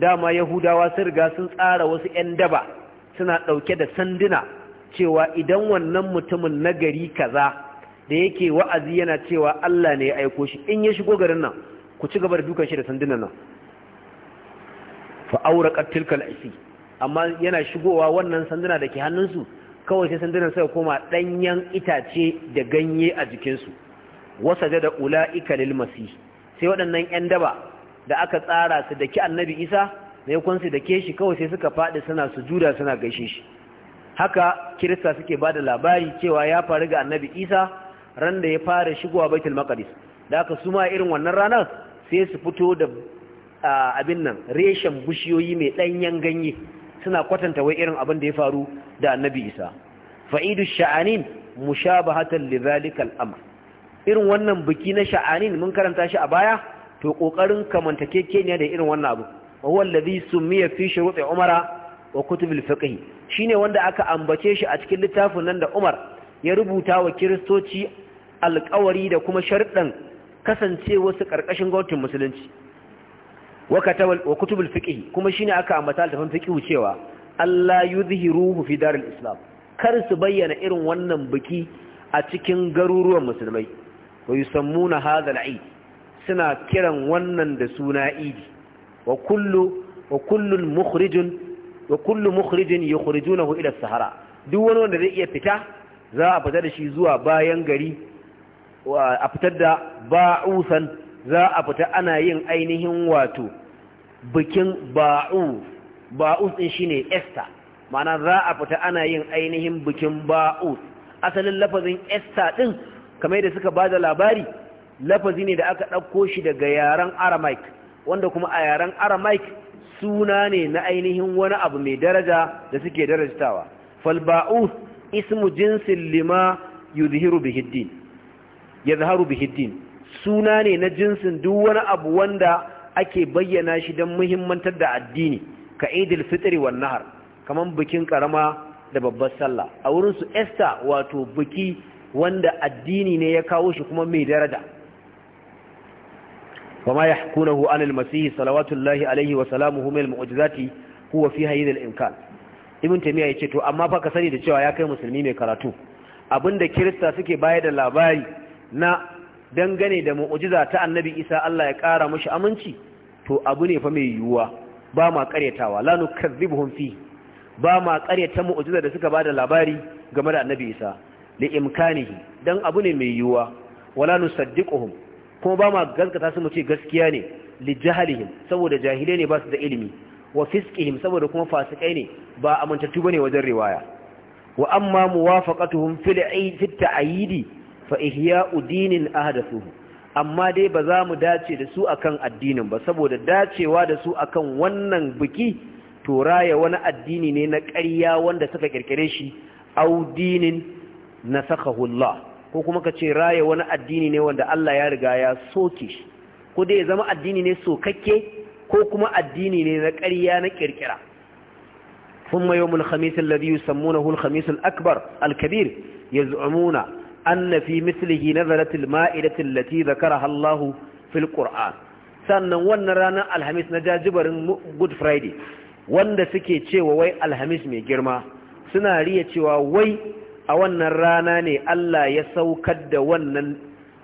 dama yahudawa sun riga sun tsara wasu 'yan daba suna ɗauke da sanduna cewa idan wannan mutumin nagari kaza da yake wa'azi yana cewa Allah ne ya aiko shi in ya shigo garin nan ku ci gaba da dukan shi da sandunan nan fa auraqat tilkal isi amma yana shigowa wannan sanduna da ke hannunsu kawai sai sandunan suka koma ɗanyen itace da ganye a jikinsu wasa da ula'ika lil masih sai waɗannan 'yan daba da aka tsara su daki annabi isa mai kwansu da ke shi kawai sai suka faɗi suna sujuda suna gaishe shi haka kirista suke ba da labari cewa ya faru ga annabi isa ran da ya fara shigowa baitul maqdis da aka suma irin wannan ranar sai su fito da abin nan reshen bushiyoyi mai ɗanyen ganye suna kwatanta wai irin abin da ya faru da annabi isa fa'idu sha'anin mushabahatan li zalikal amr irin wannan biki na sha'anin mun karanta shi a baya to kokarin kamantakekeniya da irin wannan abu wa huwa alladhi sumiya fi shuruti umara wa kutubil fiqh shine wanda aka ambace shi a cikin littafin nan da Umar ya rubuta wa kiristoci alƙawari da kuma sharɗan kasance wasu ƙarƙashin gwamnatin musulunci wa katabal wa kutubul fiqh kuma shine aka ambata littafin fiqh cewa Allah yuzhiruhu fi daril islam kar su bayyana irin wannan biki a cikin garuruwan musulmai wa yusammuna hadha al suna kiran wannan da suna idi wa kullu wa kullun mukhrijun wa sahara duk wani wanda zai iya fita za a fita da shi zuwa bayan gari a fitar da ba'usan za a fita ana yin ainihin wato bikin ba'u ba'us din shine esta ma'ana za a fita ana yin ainihin bikin ba'us asalin lafazin esta din kamar da suka ba da labari lafazi ne da aka ɗauko shi daga yaren aramaic wanda kuma a yaren aramaic suna ne na ainihin wani abu mai daraja da suke darajtawa falba'u ismu jinsin lima yuzhiru bihiddin yazharu bihiddin suna ne na jinsin duk wani abu wanda ake bayyana shi don muhimmantar da addini ka idil fitri wan nahar kaman bikin karama da babbar sallah a wurin su Esther wato biki wanda addini ne ya kawo shi kuma mai daraja وما يحكونه عن المسيح صلوات الله عليه وسلامه من المعجزات هو في هذا الإمكان ibn tamiya yace to amma fa ka sani da cewa ya kai musulmi mai karatu abinda kirista suke bayar da labari na dangane da mu'jiza ta annabi isa Allah ya kara mashi aminci to abu ne fa mai yiwuwa ba ma karyatawa la nukazzibuhum fi ba ma karyata mu'jiza da suka bada labari game da annabi isa li imkanihi dan abu ne mai yiwuwa wala nusaddiquhum kuma ba ma gaskata su mu ce gaskiya ne li jahalihim saboda jahilai ne ba su da ilimi wa fisqihim saboda kuma fasikai ne ba amintattu bane wajen riwaya wa amma muwafaqatuhum fil aid fi ta'yid fa ihya'u dinin ahdathu amma dai ba za mu dace da su akan addinin ba saboda dacewa da su akan wannan biki to raya wani addini ne na ƙarya wanda suka kirkire shi au dinin nasakahu Allah ko kuma ka ce raya wani addini ne wanda Allah ya riga ya soke shi ko dai zama addini ne sokakke ko kuma addini ne na ƙarya na ƙirƙira ثم يوم Alkabir, الذي يسمونه الخميس الأكبر الكبير يزعمون أن في مثله نزلت المائدة التي ذكرها الله في القرآن sannan wannan ranar alhamis na jajibarin good friday wanda suke cewa wai alhamis mai girma suna riya cewa wai a wannan rana ne Allah ya saukar da wannan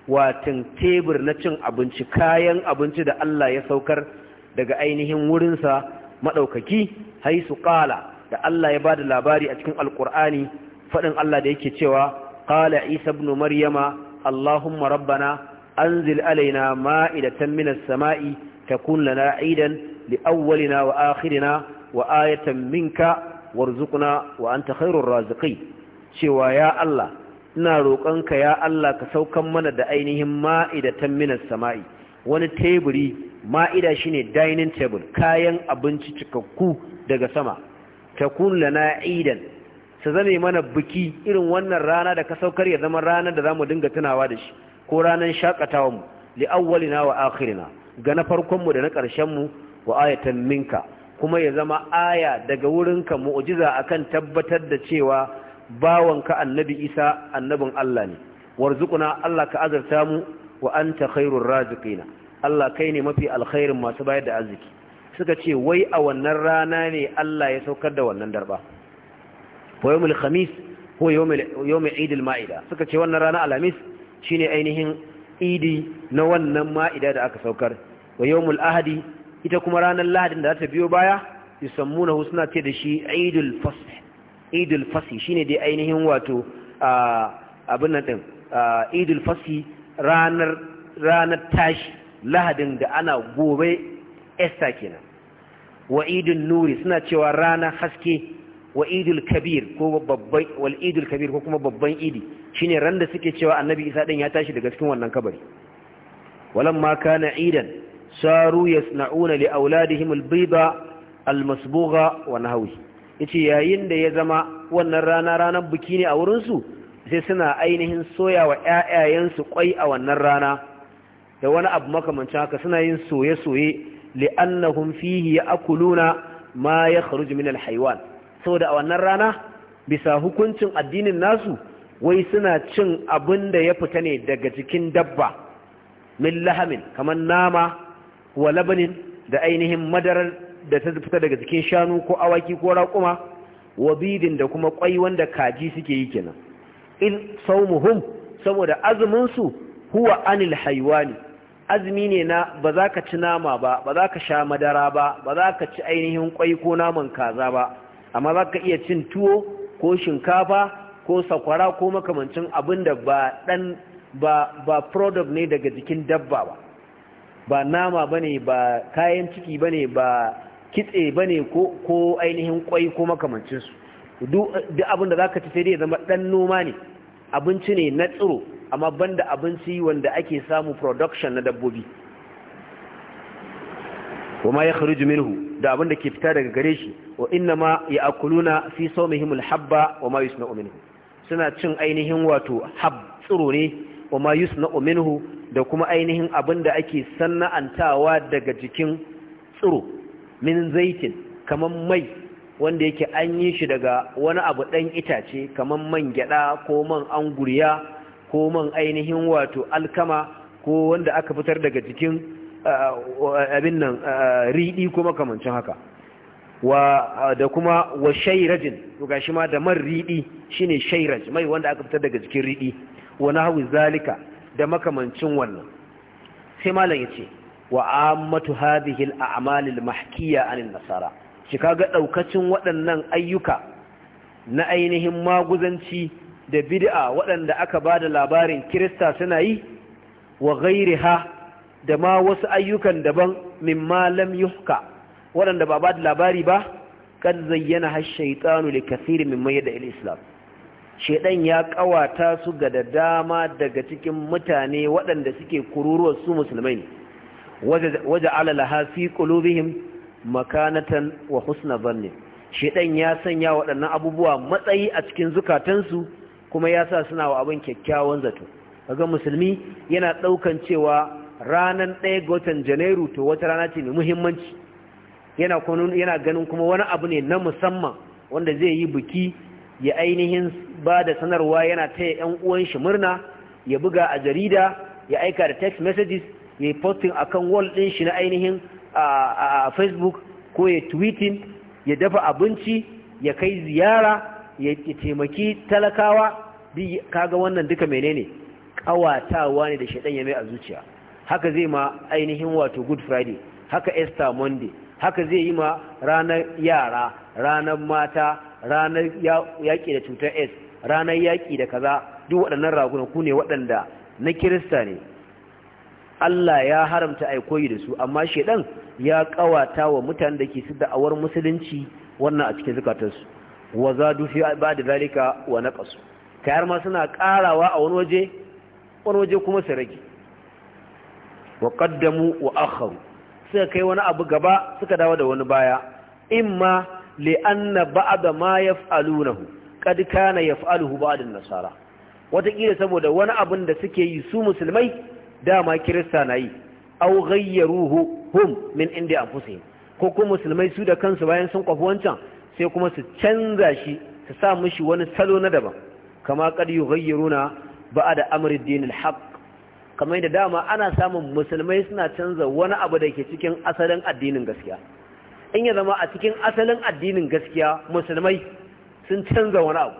watan tebur na cin abinci kayan abinci da Allah ya saukar daga ainihin wurinsa maɗaukaki haisu ƙala da Allah ya ba da labari a cikin alƙur'ani faɗin Allah da yake cewa ƙala isa bin maryama Allahumma rabbana anzil alaina ma'idatan minas sama'i takun na aidan li awwalina wa akhirina wa ayatan minka warzuqna wa anta khairur raziqin cewa ya Allah ina roƙonka ya Allah ka saukan mana da ainihin ma'idatan minas sama'i wani teburi ma'ida shine dining table kayan abinci cikakku daga sama takun lana idan su zame mana biki irin wannan rana da ka saukar ya zama ranar da zamu dinga tunawa da shi ko ranar shakatawa mu li awwalina wa akhirina ga na farkon mu da na karshen mu wa ayatan minka kuma ya zama aya daga wurinka mu'jiza akan tabbatar da cewa bawanka annabi isa annabin allah ne warzukuna allah ka azarta mu wa anta khairur raziqina allah kai ne mafi alkhairin masu bayar da arziki suka ce wai a wannan rana ne allah ya saukar da wannan darba wa khamis ko yawmul maida suka ce wannan rana alhamis shine ainihin idi na wannan ma'ida da aka saukar wa ahadi ita kuma ranar lahadin da za ta biyo baya sammuna suna ce da shi Idil fasl idul fasi ne dai ainihin wato abin nan din idul fasi ranar ranar tashi lahadin da ana gobe esta kenan wa idul nuri suna cewa rana haske wa idul kabir ko babban wal idul kabir ko kuma babban idi shine ran da suke cewa annabi isa din ya tashi daga cikin wannan kabari ma kana idan saru yasna'una li auladihim al-bayda al-masbugha wa nahwihi yace yayin da ya zama wannan rana ranar biki ne a wurinsu sai suna ainihin soya wa ƴaƴayensu kwai a wannan rana da wani abu makamancin haka suna yin soye-soye li'annahun fihi ya'kuluna ma ya min al saboda a wannan rana bisa hukuncin addinin nasu wai suna cin abin da ya fita ne daga jikin dabba min lahamin kamar nama wa labanin da ainihin madarar da ta fita daga jikin shanu ko awaki ko raƙuma wa da kuma ƙwai wanda kaji suke yi kenan in saumuhum saboda azumin su huwa anil ne, azumi ne na ba za ka ci nama ba ba za ka sha madara ba ba za ka ci ainihin ƙwai ko naman kaza ba amma za ka iya cin tuwo ko shinkafa ko sakwara ko makamancin abin da ba dan ba ba product ne daga jikin dabba ba ba nama bane ba kayan ciki bane ba kitse ba ne ko ainihin kwai ko makamancinsu duk abin da za ka ci sai dai zama ɗan noma ne abinci ne na tsiro amma banda abinci wanda ake samu production na dabbobi kuma ya kharuju minhu da abin ke fita daga gare shi wa inna ma ya akuluna fi sawmihim alhabba wa ma yusna'u minhu suna cin ainihin wato hab tsiro ne wa ma yusna'u minhu da kuma ainihin abin da ake sana'antawa daga jikin tsiro min zaitin kaman mai wanda yake an yi shi daga wani abu ɗan itace kaman man gyaɗa ko man anguriya ko man ainihin wato alkama ko wanda aka fitar daga jikin eh, abin nan eh, riɗi ko makamancin haka wa da kuma wa shairajin to gashi ma da man riɗi shine shairaj mai wanda aka fitar daga jikin riɗi wa nahwi zalika da makamancin wannan sai malam yace wa ammatu hadhihi al mahkiya an nasara shi ɗaukacin waɗannan ayyuka na ainihin maguzanci da bid'a waɗanda aka bada labarin kirista suna yi wa ghairiha da ma wasu ayyukan daban mimma lam yuhka waɗanda ba ba da labari ba kan zayyana har shaitanu da kasiri min da islam shaidan ya ƙawata su ga da dama daga cikin mutane waɗanda suke kururuwar su musulmai Waje laha fi qulubihim makanatan wa husna dhanni shedan ya sanya waɗannan abubuwa matsayi a cikin zukatansu kuma ya sa suna wa abin kyakkyawan zato kaga musulmi yana daukan cewa ranan ɗaya ga watan janairu to wata rana ce mai muhimmanci yana yana ganin kuma wani abu ne na musamman wanda zai yi biki ya ainihin ba da sanarwa yana taya yan uwan shi murna ya buga a jarida ya aika da text messages ya yi posting a kan wall ɗin shi na ainihin a facebook ko ya tweeting ya dafa abinci ya kai ziyara ya taimaki talakawa kaga wannan duka menene kawatawa ne da shaɗan ya mai a zuciya haka zai ma ainihin wato good friday haka easter monday haka zai yi ma ranar yara ranar mata ranar yaƙi da cutar s ranar yaƙi da kaza duk waɗannan ragunan ku ne waɗanda na kirista ne Allah ya haramta a koyi da su amma shedan ya kawata wa mutanen da ke su da'awar musulunci wannan a cikin zakatarsu wa zadu fi da zalika wa naqasu kayar ma suna karawa a wani waje wani waje kuma su rage wa qaddamu wa akharu suka kai wani abu gaba suka dawo da wani baya imma li anna ba'da ma yaf'alunahu qad kana yaf'aluhu ba'd an-nasara wataƙila saboda wani abin da suke yi su musulmai dama kirista na yi au gayyaru hum min indi anfusihim ko kuma musulmai su da kansu bayan sun kwafi wancan sai kuma su canza shi su sa mishi wani salo na daban kama kad yughayyiruna ba'da amri din al-haq kamar da dama ana samun musulmai suna canza wani abu da ke cikin asalin addinin gaskiya in ya zama a cikin asalin addinin gaskiya musulmai sun canza wani abu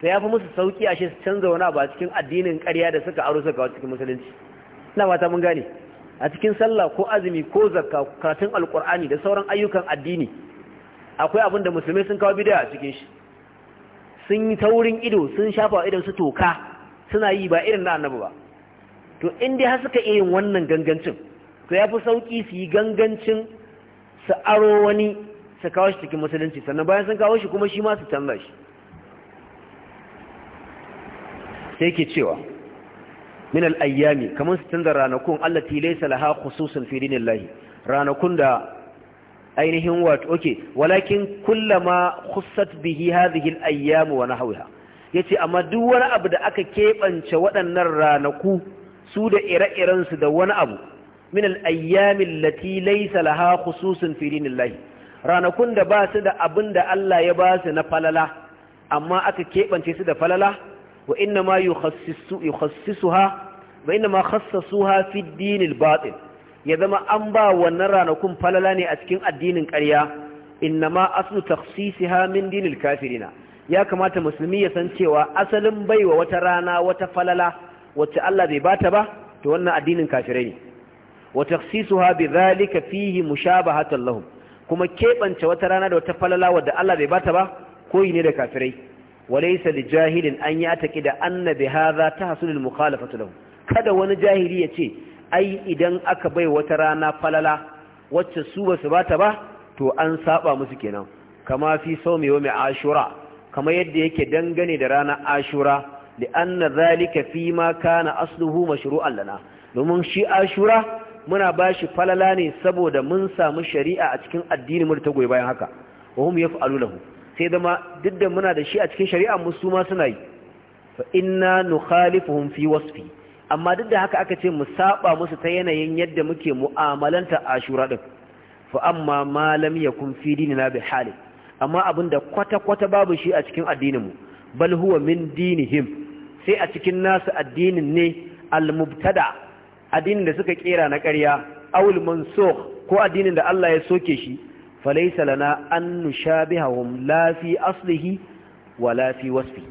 sai ya fi musu sauki ashe su canza wani abu a cikin addinin ƙarya da suka aro suka cikin musulunci ina fata mun gane a cikin sallah ko azumi ko zakka karatun alkur'ani da sauran ayyukan addini akwai abin da musulmai sun kawo bid'a a cikin shi sun yi taurin ido sun shafa idan su toka suna yi ba irin na annabi ba to in dai har suka iya yin wannan gangancin to yafi sauki sauƙi su yi gangancin su aro wani su kawo shi cikin musulunci sannan bayan sun kawo shi kuma shi ma su canza shi sai ke cewa min ayyami kamar su da ranakun allati laysa laha khususun fi lahi. ranakun da ainihin wato oke. walakin kullama kusat bihi hadhihi al-ayyam wa ya yace amma duk wani abu da aka keɓance waɗannan ranaku su da ire-iren su da wani abu min al-ayyam allati laysa laha khususun fi lahi. ranakun da ba su da abin da Allah ya ba su na falala amma aka keɓance su da falala wa inna ma yukhassisuha wa inna ma khassasuha fi dinil batil ya zama an ba wannan ranakun falala ne a cikin addinin ƙarya inna ma aslu takhsisiha min dinil kafirina ya kamata musulmi ya san cewa asalin baiwa wata rana wata falala wacce Allah bai bata ba to wannan addinin kafirai ne wa takhsisuha bidhalika mu mushabahatan lahum kuma kebance wata rana da wata falala wadda Allah bai bata ba koyi ne da kafirai وليس لجاهل أن يعتقد أن بهذا تحصل المخالفة له kada wani jahili ya ce ai idan aka bai wata rana falala wacce su ba su bata ba to an saba musu kenan kama fi saumi wa ashura kama yadda yake dangane da ranar ashura li anna zalika fi ma kana asluhu mashru'an lana domin shi ashura muna bashi falala ne saboda mun samu shari'a a cikin addinin mu ta goyi bayan haka wa hum yaf'alu lahu sai zama duk da muna da shi a cikin shari'a musu ma suna yi fa inna nukhalifuhum fi wasfi amma duk da haka aka ce mu saba musu ta yanayin yadda muke mu'amalanta ashura din fa amma ma lam yakun fi dinina bi hali amma abinda kwata kwata babu shi a cikin addinin mu bal huwa min dinihim sai a cikin nasu addinin ne al-mubtada addinin da suka kera na ƙarya awul mansukh ko addinin da Allah ya soke shi falaisa lana an nushabihahum aslihi wa lafi wasfi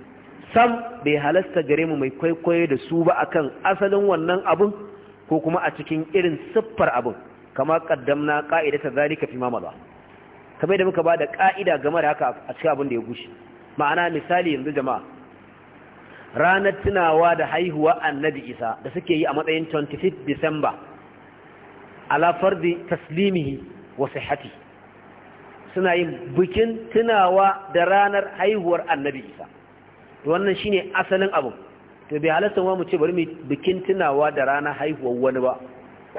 sam bai halasta gare mu mai kwaikwayo da su ba akan asalin wannan abun ko kuma a cikin irin siffar abun kama kaddamna qa'idata zalika fi mamada kamar da muka da ka'ida game da haka a cikin abin da ya gushi ma'ana misali yanzu jama'a ranar tunawa da haihuwa annabi isa da suke yi a matsayin 25 december ala fardi taslimihi wa sihhati suna yin bikin tunawa da ranar haihuwar annabi isa wannan shine asalin abu to bai halatta mu ce bari mu bikin tunawa da ranar haihuwar wani ba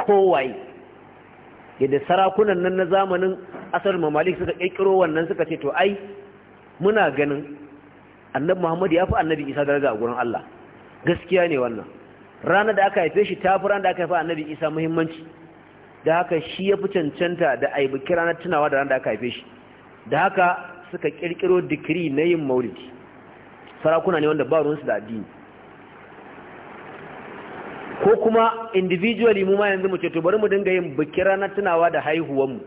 kowaye yadda sarakunan nan na zamanin asar mamalik suka kirkiro wannan suka ce to ai muna ganin annabi muhammad ya fi annabi isa daraja a gurin allah gaskiya ne wannan ranar da aka haife shi ta fi ranar da aka haifa annabi isa muhimmanci da haka shi ya fi cancanta da aibu kira ranar tunawa da ran da aka haife shi da haka suka kirkiro dikiri na yin maulidi sarakuna ne wanda ba da addini ko kuma individually mu ma yanzu mu ce to bari mu dinga yin bikira ranar tunawa da haihuwanmu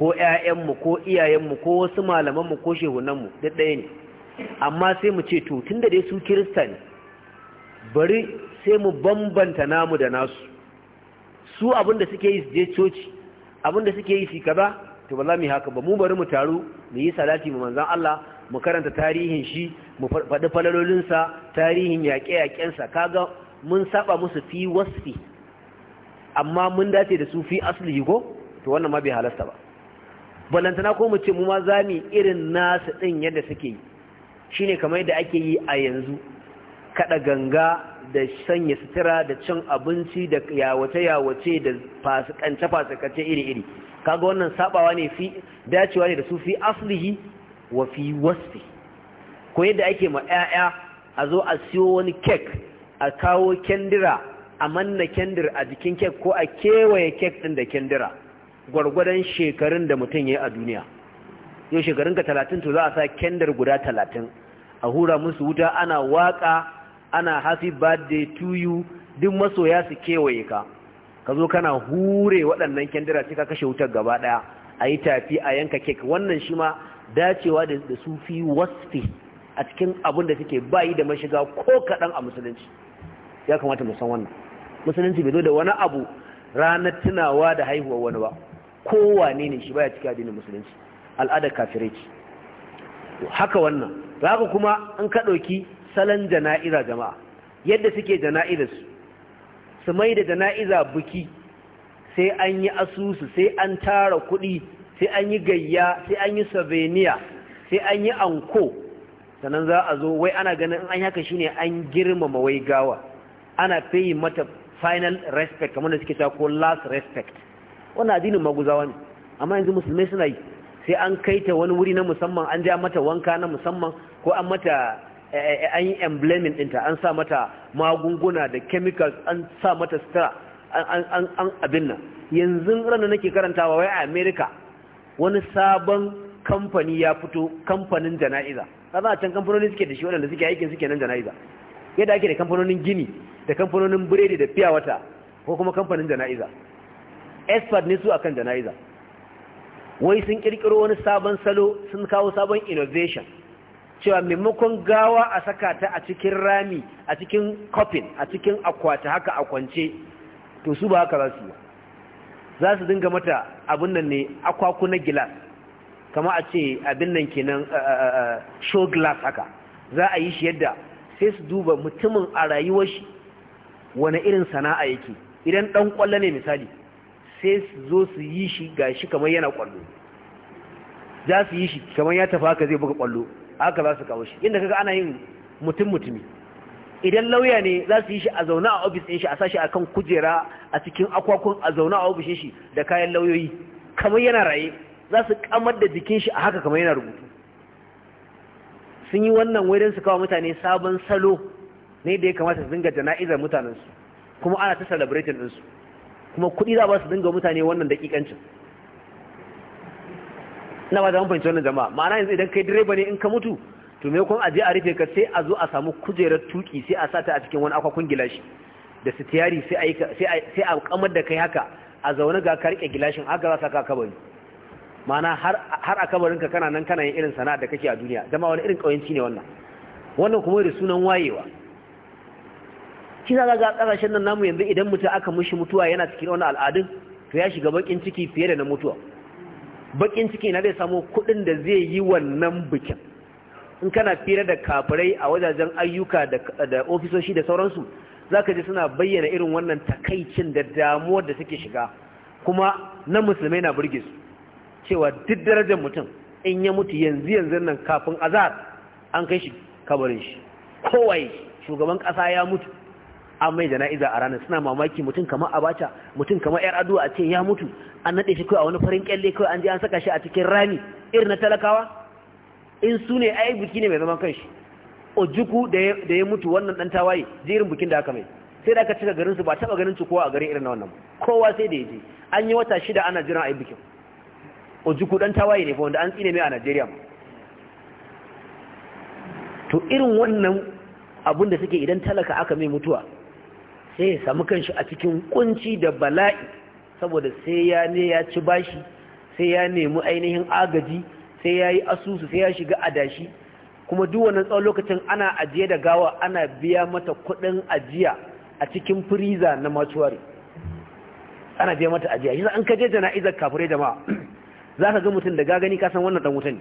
ko ƴaƴanmu ko iyayenmu ko wasu malamanmu ko shehunanmu duk ɗaya ne amma sai mu ce to tunda dai su kirista bari sai mu bambanta namu da nasu su abinda da suke yi su je coci abin suke yi su kaza to ba za mu haka ba mu bari mu taru mu yi salati mu manzan Allah mu karanta tarihin shi mu faɗi falalolinsa tarihin yaƙe-yaƙensa kaga mun saba musu fi wasfi amma mun dace da su fi yi ko to wannan ma bai halasta ba balantana ko mu ce mu ma za irin nasu ɗin yadda suke yi shine kamar yadda ake yi a yanzu kada ganga da sanya sutura da cin abinci da yawace-yawace da fasikance-fasikance iri-iri kaga wannan sabawa ne fi dacewa ne da su fi aslihi wa fi wasfi ko yadda ake ma 'ya'ya a zo a siyo wani kek a kawo kendira a manna kendir a jikin kek ko a kewaye kek ɗin da kendira gwargwadon shekarun da mutum ya yi a duniya yau ka talatin to za a sa kendir guda talatin a hura musu wuta ana waka ana happy birthday to you duk masoya su kewaye ka ka zo kana hure waɗannan kyandira sai ka kashe wutar gaba ɗaya a yi tafi a yanka kek wannan shi ma dacewa da sufi wasfi a cikin abin da suke bayi da mashiga ko kaɗan a musulunci ya kamata mu wannan musulunci bai zo da wani abu ranar tunawa da haihuwar wani ba kowane ne shi baya cikin addinin musulunci al'adar kafirai haka wannan haka kuma in ka ɗauki salon jana'iza jama'a yadda suke jana'izarsu su mai da jana'iza buki sai an yi asusu sai an tara kuɗi sai an yi gayya sai an yi saveniya sai an yi anko sannan za a zo wai ana ganin an haka shine an girmama wai gawa ana fayi mata final respect kamar da suke ta ko last respect wannan addinin maguzawa ne amma yanzu musulmai suna yi sai an kai ta wani wuri na musamman an ja mata wanka na musamman ko an mata an yi emblemin ɗinta an sa mata magunguna da chemicals an sa mata stra an abin nan yanzu ranar nake wa wai a america wani sabon kamfani ya fito kamfanin jana'iza za a can kamfanoni suke da shi waɗanda suke aikin suke nan jana'iza yadda ake da kamfanonin gini da kamfanonin biredi da fiya wata ko kuma kamfanin jana'iza expert ne su akan jana'iza wai sun kirkiro wani sabon salo sun kawo sabon innovation cewa maimakon gawa a saka ta a cikin rami a cikin kofin a cikin akwata haka a kwance to su ba haka za su yi za su dinga mata abin nan ne akwaku na gilas kama a ce abin nan kenan eh, eh, eh, show glass haka za a yi shi yadda sai su duba mutumin a rayuwar shi wani irin sana'a yake idan dan kwallo ne misali sai su zo su yi shi gashi kamar yana kwallo za su yi shi kamar ya tafi haka zai buga kwallo haka za su kawo shi inda kaga ana yin mutum mutumi idan lauya ne za su yi shi a zaune a ofis ɗin shi a sashi akan kujera a cikin akwakun a zaune a ofishin shi da kayan lauyoyi kamar yana raye za su kamar da jikin shi a haka kamar yana rubutu sun yi wannan wai su kawo mutane sabon salo ne da ya kamata su dinga jana'izar mutanensu kuma ana ta celebrating ɗinsu kuma kuɗi za ba su dinga mutane wannan daƙiƙancin. ina ba da fahimci wannan jama'a ma'ana yanzu idan kai direba ne in ka mutu to me kun aje a rufe ka sai a zo a samu kujerar tuki sai a sata a cikin wani akwakun gilashi da sitiyari sai a sai a kamar da kai haka a zaune ga ka rike gilashin haka za ka kabari ma'ana har a kabarin ka kana nan kana yin irin sana'a da kake a duniya zama wani irin kauyanci ne wannan wannan kuma da sunan wayewa shi za ga kasashen nan namu yanzu idan mutum aka mushi mutuwa yana cikin wani al'adun to ya shiga bakin ciki fiye da na mutuwa bakin ciki na zai samu kuɗin da zai yi wannan bikin in kana fira da kafirai a wajajen ayyuka da ofisoshi da sauransu za ka ji suna bayyana irin wannan takaicin da damuwar da suke shiga kuma na musulmai na burge su cewa duk darajar mutum in ya mutu yanzu yanzu nan kafin azar an kai shi kabarin shi kowai shugaban ƙasa ya mutu an mai jana'iza a ranar suna mamaki mutum kama abacha mutum kama yar addu'a a ce ya mutu an nade shi kawai a wani farin kyalle kawai an je an saka shi a cikin rami irin na talakawa in su ne ai biki ne mai zaman kanshi ojuku da ya mutu wannan dan tawaye irin bikin da aka mai sai da aka cika garin su ba taba ganin su kowa a garin irin na wannan kowa sai da yaje an yi wata shida ana jiran ai bikin ojuku dan tawaye ne fa wanda an tsine mai a Najeriya to irin wannan abin da suke idan talaka aka mai mutuwa sai ya samu kanshi a cikin kunci da bala'i saboda sai ya ne ya ci bashi sai ya nemi ainihin agaji sai ya yi asusu sai ya shiga adashi kuma duk wannan tsawon lokacin ana ajiye da gawa ana biya mata kuɗin ajiya a cikin firiza na matuwari ana biya mata ajiya shi an kaje jana'izar kafirai jama'a za ka ga mutum da gagani ka san wannan dan wuta ne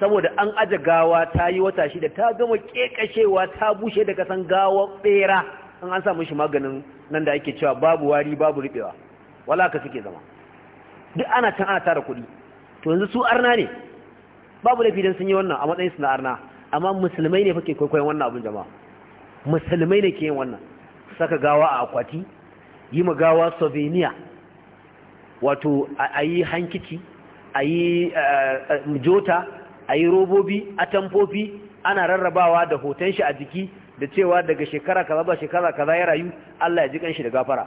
saboda an aje gawa ta yi wata shida ta gama kekashewa ta bushe da san gawa ɓera. in an samu shi maganin nan da ake cewa babu wari babu ribewa wala ka suke zama duk ana can ana tara kuɗi to yanzu su arna ne babu laifi dan sun yi wannan a matsayin su na arna amma musulmai ne fake kwaikwayon wannan abin jama'a musulmai ne ke yin wannan saka gawa a akwati yi ma gawa souvenir wato ayi yi hankici a yi eh, eh, jota a robobi atamfofi. ana rarrabawa da hoton shi a jiki da cewa daga shekara kaza ba shekara kaza ya rayu Allah ya ji kanshi da gafara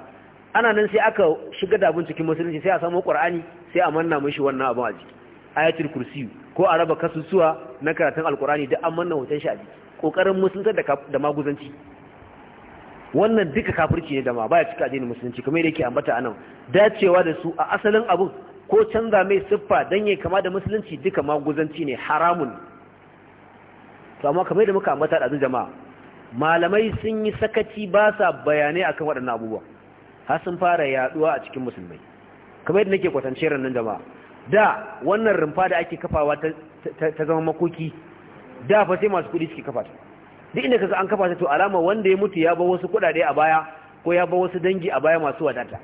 ana nan sai aka shiga da abin cikin musulunci sai a samu Qur'ani sai a manna mishi wannan abu a jiki ayatul kursi ko a raba kasusuwa na karatun alqur'ani da an manna hoton shi a jiki kokarin musuluntar da da maguzanci wannan duka kafirci ne da ma baya cika addinin musulunci kamar yake ambata anan dacewa da su a asalin abun ko canza mai siffa dan yayi kama da musulunci duka maguzanci ne haramun to amma kamar da muka ambata da jama'a malamai sun yi sakaci ba sa bayanai akan waɗannan abubuwa har sun fara yaduwa a cikin musulmai kamar yadda nake kwatance ran nan jama'a da wannan rumfa da ake kafawa ta zama makoki da fa sai masu kuɗi suke kafa ta duk inda kaga an kafa ta to alama wanda ya mutu ya ba wasu kuɗaɗe a baya ko ya ba wasu dangi a baya masu wadata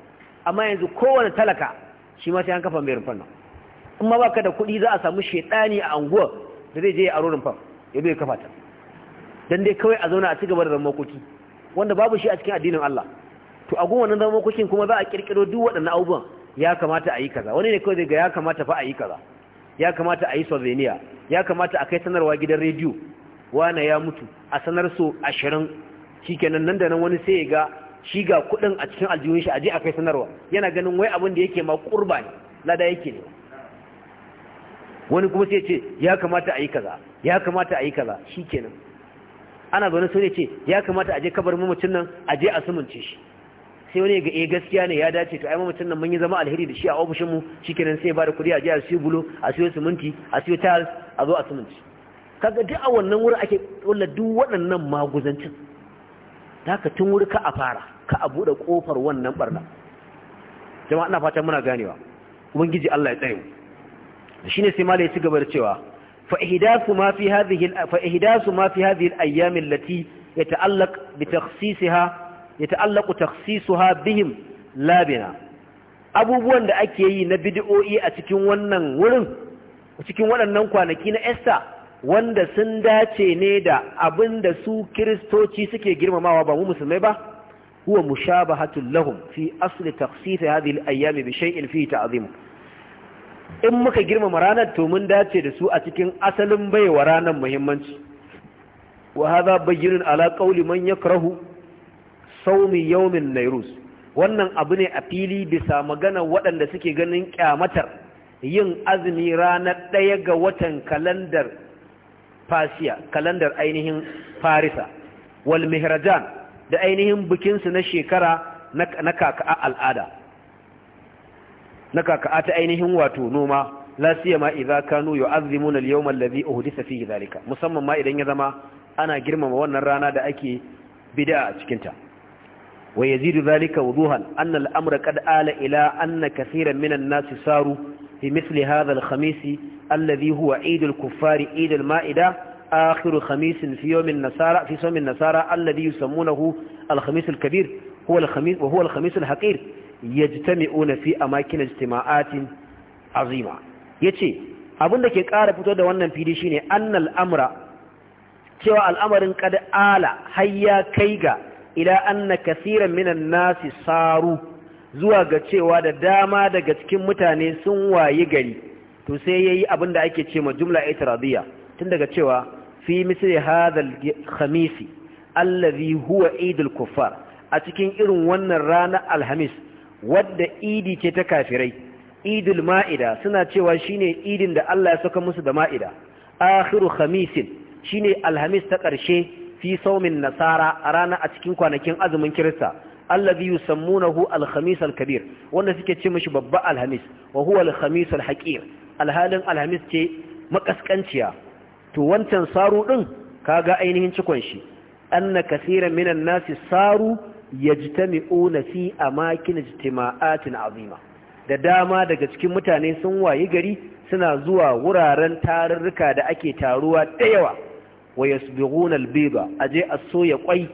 amma yanzu kowane talaka shi ma sai an kafa mai rumfan nan kuma baka da kuɗi za a samu shedani a anguwa da zai je ya aro rumfan ya kafa ta dan dai kawai a zauna a cigaba da zama makoki wanda babu shi a cikin addinin Allah to a goma nan zama kuma za a kirkiro duk waɗannan abubuwan ya kamata a yi kaza wani ne kawai zai ga ya kamata fa a yi kaza ya kamata a yi souvenir ya kamata a kai sanarwa gidan rediyo wane ya mutu a sanar so ashirin shikenan nan da nan wani sai ya ga shi ga kuɗin a cikin aljihun shi a je a kai sanarwa yana ganin wai abin da yake ma kurba ne lada yake ne wani kuma sai ce ya kamata a yi kaza ya kamata a yi kaza shi kenan, ana zaune sai ce ya kamata a je kabar mamacin nan a je a sumunce shi sai wani ga eh gaskiya ne ya dace to ai mamacin nan mun yi zama alheri da shi a ofishin mu shikenan sai ba da kuɗi a je a siyo bulo a siyo siminti a siyo tiles a zo a sumunci kaga duk a wannan wurin ake tsolla duk waɗannan maguzancin haka tun wuri ka a fara ka a buɗe ƙofar wannan barna jama'a ina fatan muna ganewa ubangiji Allah ya tsare mu shine sai malai ci gaba da cewa fa ihdasu ma fi hadhihi ma fi hadhihi al-ayyam bihim labina abubuwan da ake yi na bid'o'i a cikin wannan wurin cikin waɗannan kwanaki na esta wanda sun dace ne da abin da su kiristoci suke girmamawa ba mu musulmai ba huwa mushabahatul lahum fi asli taqsis hadhihi al-ayyam bi shay'in fihi in muka girmama ranar to mun dace da su a cikin asalin baiwa ranar muhimmanci wa hadha bayyinun ala qawli man yakrahu sawmi yawmin nairus wannan abu ne a fili bisa magana waɗanda suke ganin kyamatar yin azumi ranar ɗaya ga watan kalandar fasiya kalandar ainihin farisa wal mihrajan da ainihin bikinsu na shekara na kaka al'ada na kaka'a ta ainihin wato noma la siyama idza kanu yu'azzimuna al-yawm alladhi uhdisa fihi dhalika musamman ma idan ya zama ana girmama wannan rana da ake bid'a a cikin ta wa yazidu dhalika wuduhan anna al-amra qad ala ila anna kaseeran min an-nas saru fi mithli hadha al-khamis alladhi huwa eid al-kuffari eid al-ma'ida akhiru khamis fi yawm an-nasara fi sawm an-nasara alladhi yusammunahu al-khamis al-kabir huwa al-khamis wa huwa al-khamis al-haqir yajtami'una fi amakin ijtima'atin azima yace abinda ke ƙara fito da wannan fili shine annal amra cewa al'amarin qad ala hayya kai ga ila anna kaseeran minan nasi saru zuwa ga cewa da dama daga cikin mutane sun wayi gari to sai yayi abinda ake ce ma jumla itiradiyya tun daga cewa fi misli hadha al-khamisi allazi huwa eid al-kuffar a cikin irin wannan ranar alhamis wadda idi ce ta kafirai idul ma'ida suna cewa shine idin da Allah ya saka musu da ma'ida akhiru khamisin shine alhamis ta ƙarshe fi saumin nasara a rana a cikin kwanakin azumin kirista allazi yusammunahu alhamis alkabir wanda suke ce mashi babba alhamis wa huwa alhamis alhalin alhamis ce makaskanciya to wancan saru ka kaga ainihin cikon shi anna kaseeran minan nasi saru yajtami'una fi amakin ijtima'atin azima da dama daga cikin mutane sun wayi gari suna zuwa wuraren tarurruka da ake taruwa da yawa wa yasbighuna albiba aje a ya kwai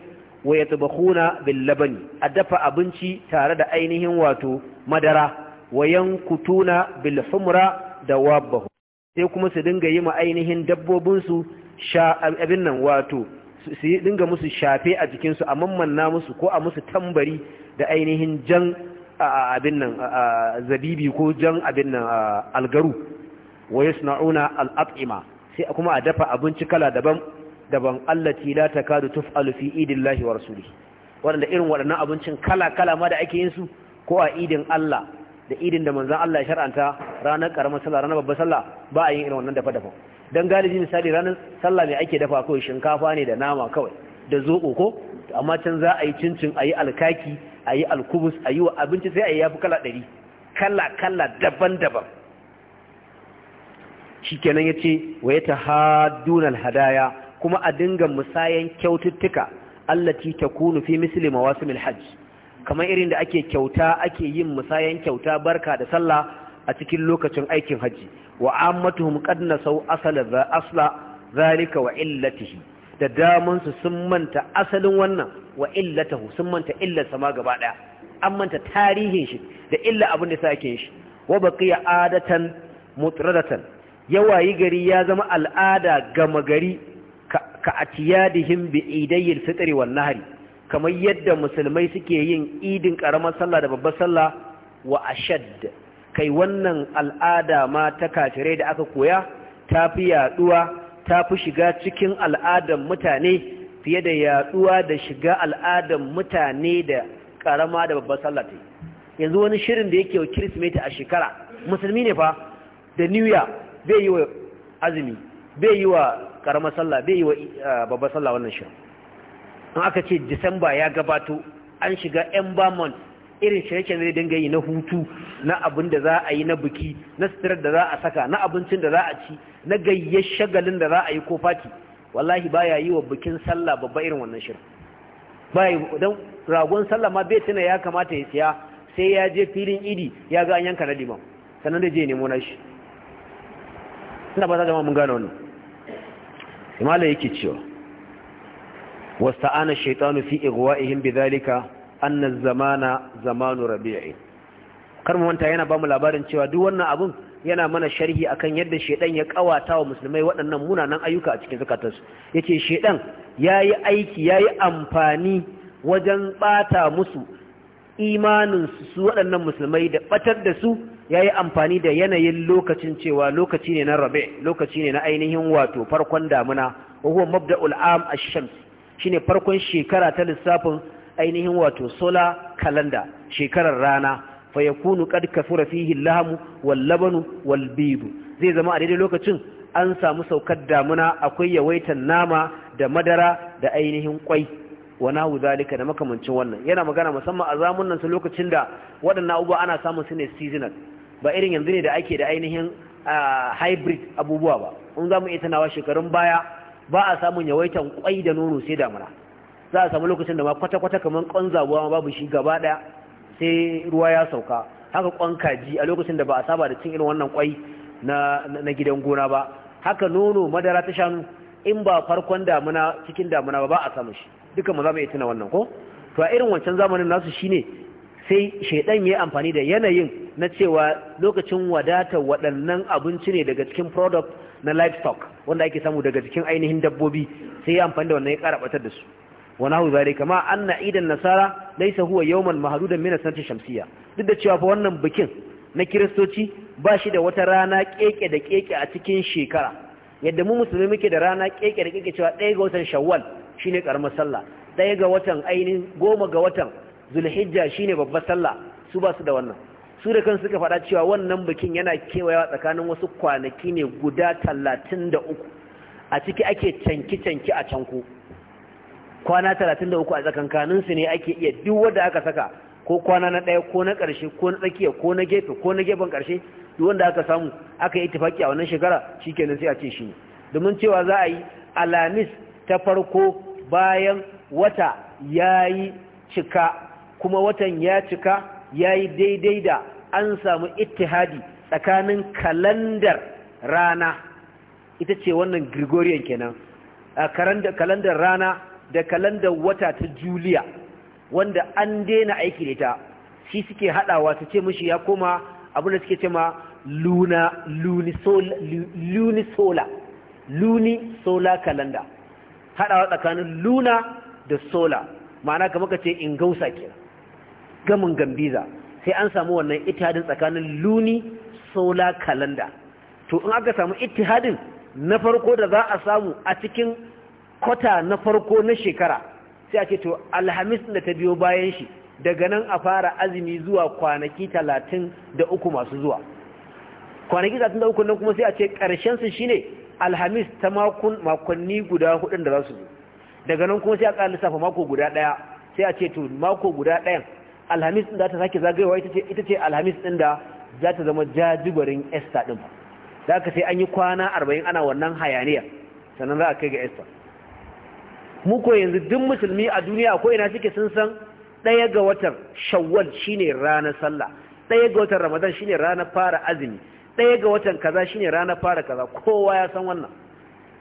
wa yatbakhuna bil labani a dafa abinci tare da ainihin wato madara wa yankutuna bil humra da wabahu sai kuma su dinga yi ma ainihin dabbobinsu sha abin nan wato su yi dinga musu shafe a jikinsu a mammanna musu ko a musu tambari da ainihin jan abin nan zabibi ko jan abin nan algaru wa yasna'una al-at'ima sai kuma a dafa abinci kala daban daban allati la takadu tuf'alu fi idillahi wa rasulihi wanda irin waɗannan abincin kala kala ma da ake yin su ko a idin Allah da idin da manzon Allah ya shar'anta ranar karamar sallah ranar babbar sallah ba a yin irin wannan dafa dafa don galibi misali ranar sallah mai ake dafa kawai shinkafa ne da nama kawai da zoɓo ko amma can za a yi cincin a yi alkaki a yi alkubus a yi wa abinci sai a yi ya fi kala ɗari kala kala daban-daban shi kenan ya ce wa ya ta hadunan hadaya kuma a dinga musayan kyaututtuka allati ta kunu fi misli mawasimil Hajji. kamar irin da ake kyauta ake yin musayan kyauta barka da sallah a cikin lokacin aikin haji wa ammatuhum qad nasaw asala za asla zalika wa illatihi da damun su sun manta asalin wannan wa illatahu sun manta illar sama gaba daya an manta tarihin shi da illa abin da sake shi wa baqiya adatan mutradatan yawayi gari ya zama al'ada gama gari ka atiyadihim bi idayil fitri wan nahri kamar yadda musulmai suke yin idin karamar sallah da babbar sallah wa ashad kai wannan al'ada ma ta kafirai da aka koya ta fi yaɗuwa ta fi shiga cikin al'adan mutane fiye da yaɗuwa da shiga al'adan mutane da ƙarama da babbar sallata yanzu wani shirin da yake wa kirsimeti a shekara musulmi ne fa da niyya bai yi wa azumi bai yi wa ƙarama sallah bai yi wa babbar sallah wannan shirin an aka ce disamba ya gabato an shiga ember irin shirye-shiryen zai dinga yi na hutu na abin da za a yi na biki na sitirar da za a saka na abincin da za a ci na gayyar shagalin da za a yi ko fati wallahi baya yi wa bikin sallah babba irin wannan shirin bai don ragon sallah ma bai tuna ya kamata ya siya sai ya je filin idi ya ga an yanka na liman sannan da je nemo na shi ina ba za jama mun gano wannan imala yake cewa wasta'ana shaytanu fi igwa'ihim bidhalika anna zamana zamanu rabi'i kar mu wanta yana bamu labarin cewa duk wannan abun yana mana sharhi akan yadda shedan ya kawata wa musulmai waɗannan munanan ayyuka a cikin zakatarsu yace shedan yayi aiki yayi amfani wajen bata musu imanin su waɗannan musulmai da batar da su yayi amfani da yanayin lokacin cewa lokaci ne na rabi lokaci ne na ainihin wato farkon damuna wa huwa mabda'ul am ash-shams shine farkon shekara ta lissafin ainihin wato sola kalanda shekarar rana fa yakunu qad kafura fihi al wal-labanu wal bidu. zai zama a daidai lokacin an samu saukar damuna akwai yawaitan nama da madara da ainihin kwai wa nahu zalika da makamancin wannan yana magana musamman a zamunan su lokacin da waɗannan abubuwa ana samun su ne seasonal ba irin yanzu ne da ake da ainihin hybrid abubuwa ba in za mu iya wa shekarun baya ba a samun yawaitan kwai da nono sai damuna za a samu lokacin da ma kwata-kwata kamar ƙwan zabuwa ma babu shi gaba ɗaya sai ruwa ya sauka haka ƙwan kaji a lokacin da ba a saba da cin irin wannan ƙwai na gidan gona ba haka nono madara ta shanu in ba farkon damuna cikin damuna ba ba a samu shi duka mu za mu iya tuna wannan ko to a irin wancan zamanin nasu shine sai shaidan ya yi amfani da yanayin na cewa lokacin wadatar waɗannan abinci ne daga cikin product na livestock wanda ake samu daga cikin ainihin dabbobi sai ya amfani da wannan ya ƙara ɓatar da su wa nahu zalika ma anna idan nasara laysa huwa yawman mahdudan min sanati shamsiyya duk da cewa fa wannan bikin na kiristoci ba shi da wata rana keke da keke a cikin shekara yadda mu musulmi muke da rana keke da keke cewa ɗaya ga watan shawwal shine karamar sallah ɗaya ga watan ainihin goma ga watan zulhijja shine babbar sallah su ba su da wannan su da kansu suka faɗa cewa wannan bikin yana kewayawa tsakanin wasu kwanaki ne guda talatin da uku a ciki ake canki-canki a canko kwana 33 a tsakankanin su ne ake iya duk wanda aka saka ko kwana na ɗaya ko na ƙarshe ko na tsakiya ko na gefe ko na gefen ƙarshe duk wanda aka samu aka yi tafaki a wannan shekara kenan sai a ce shi domin cewa za a yi alamis ta farko bayan wata ya yi cika kuma watan ya cika ya yi daidai da an samu ittihadi tsakanin kalandar rana ita ce wannan Gregorian kenan kalandar rana da kalandar wata ta juliya wanda an daina aiki da ta shi suke haɗawa su ce mishi ya koma abin da suke ce ma luna lunisola lunisola kalanda Haɗawa tsakanin luna da sola ma'ana kamar ka ce in gausa ke gamin gambiza sai an samu wannan itihadin tsakanin luni sola kalanda to in aka samu itihadin na farko da za a samu a cikin kwata na farko na shekara sai a ce to alhamis da ta biyo bayan shi daga nan a fara azumi zuwa kwanaki talatin da uku masu zuwa kwanaki talatin da uku nan kuma sai a ce ƙarshensu shi ne alhamis ta makonni guda hudun da za su zo daga nan kuma sai a ƙara lissafa mako guda ɗaya sai a ce to mako guda ɗayan alhamis ɗin da ta sake zagayewa ita ce alhamis ɗin da za ta zama jajibarin esta ɗin ba za ka sai an yi kwana arba'in ana wannan hayaniya sannan za a kai ga esta mu yanzu duk musulmi a duniya ko ina suke sun san ɗaya ga watan shawwal shine ranar sallah ɗaya ga watan ramadan shine ranar fara azumi ɗaya ga watan kaza shine ranar fara kaza kowa ya san wannan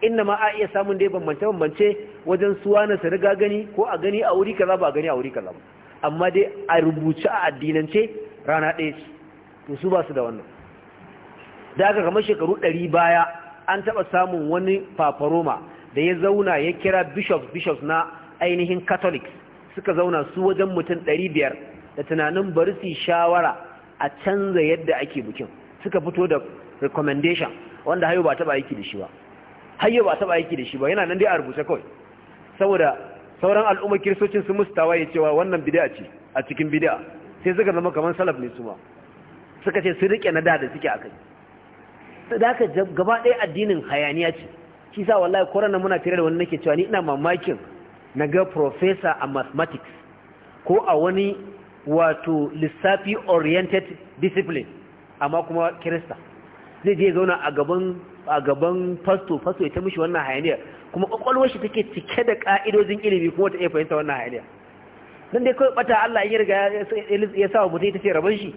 inna ma a iya samun dai bambance bambance wajen suwa na su riga gani ko a gani a wuri kaza ba gani a wuri kaza ba amma dai a rubuce a addinance rana ɗaya ce to su ba su da wannan da aka kamar shekaru ɗari baya an taɓa samun wani fafaroma da ya zauna ya kira bishops bishops na ainihin catholics suka zauna su wajen mutum ɗari biyar da tunanin bari su shawara a canza yadda ake bikin suka fito da recommendation wanda hayo ba taɓa aiki da shi ba hayo ba taɓa aiki da shi ba yana nan dai a rubuce kawai saboda sauran al'ummar kiristocin su mustawa ya cewa wannan bid'a ce a cikin bid'a sai suka zama kamar salaf ne su ma suka ce su rike na da da suke a kai. gaba ɗaya addinin hayaniya ce shi sa wallahi korana muna tare da wani nake cewa ni ina mamakin na ga professor a mathematics ko a wani wato lissafi oriented discipline amma kuma kirista zai je zauna a gaban a gaban fasto fasto ya ta mishi wannan hayaniyar kuma kwakwalwar shi take cike da ka'idojin ilimi kuma ta iya fahimta wannan hayaniyar dan dai kawai bata Allah ya riga ya sa mutum ta ce rabon shi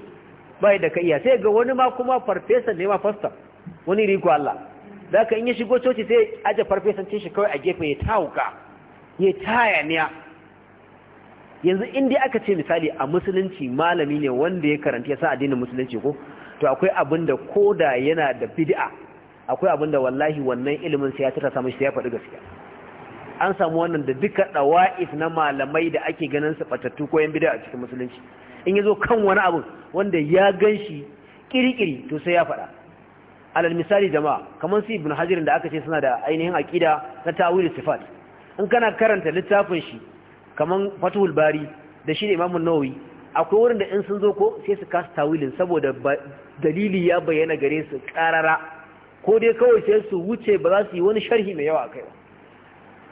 bai da ka iya sai ga wani ma kuma farfesa ne ma fasta wani riko Allah da ka in ya shigo coci sai aje farfesancin shi kawai a gefe ya tawuka ya tayaniya yanzu in dai aka ce misali a musulunci malami ne wanda ya karanta ya sa addinin musulunci ko to akwai abin da koda yana da bid'a akwai abin da wallahi wannan ilimin sai ya tata samu shi ya faɗi gaskiya an samu wannan da duka ɗawa'if na malamai da ake ganin su fatattu ko yan bid'a a cikin musulunci in yazo kan wani abu wanda ya ganshi kirikiri to sai ya faɗa alal misali jama'a kamar si ibn hajirin da aka ce suna da ainihin aƙida na tawil sifat in kana karanta littafin shi kamar fatul bari da shi imam an nawawi akwai wurin da in sun zo ko sai su kasa tawilin saboda dalili ya bayyana gare su karara ko dai kawai sai su wuce ba za su yi wani sharhi mai yawa kai ba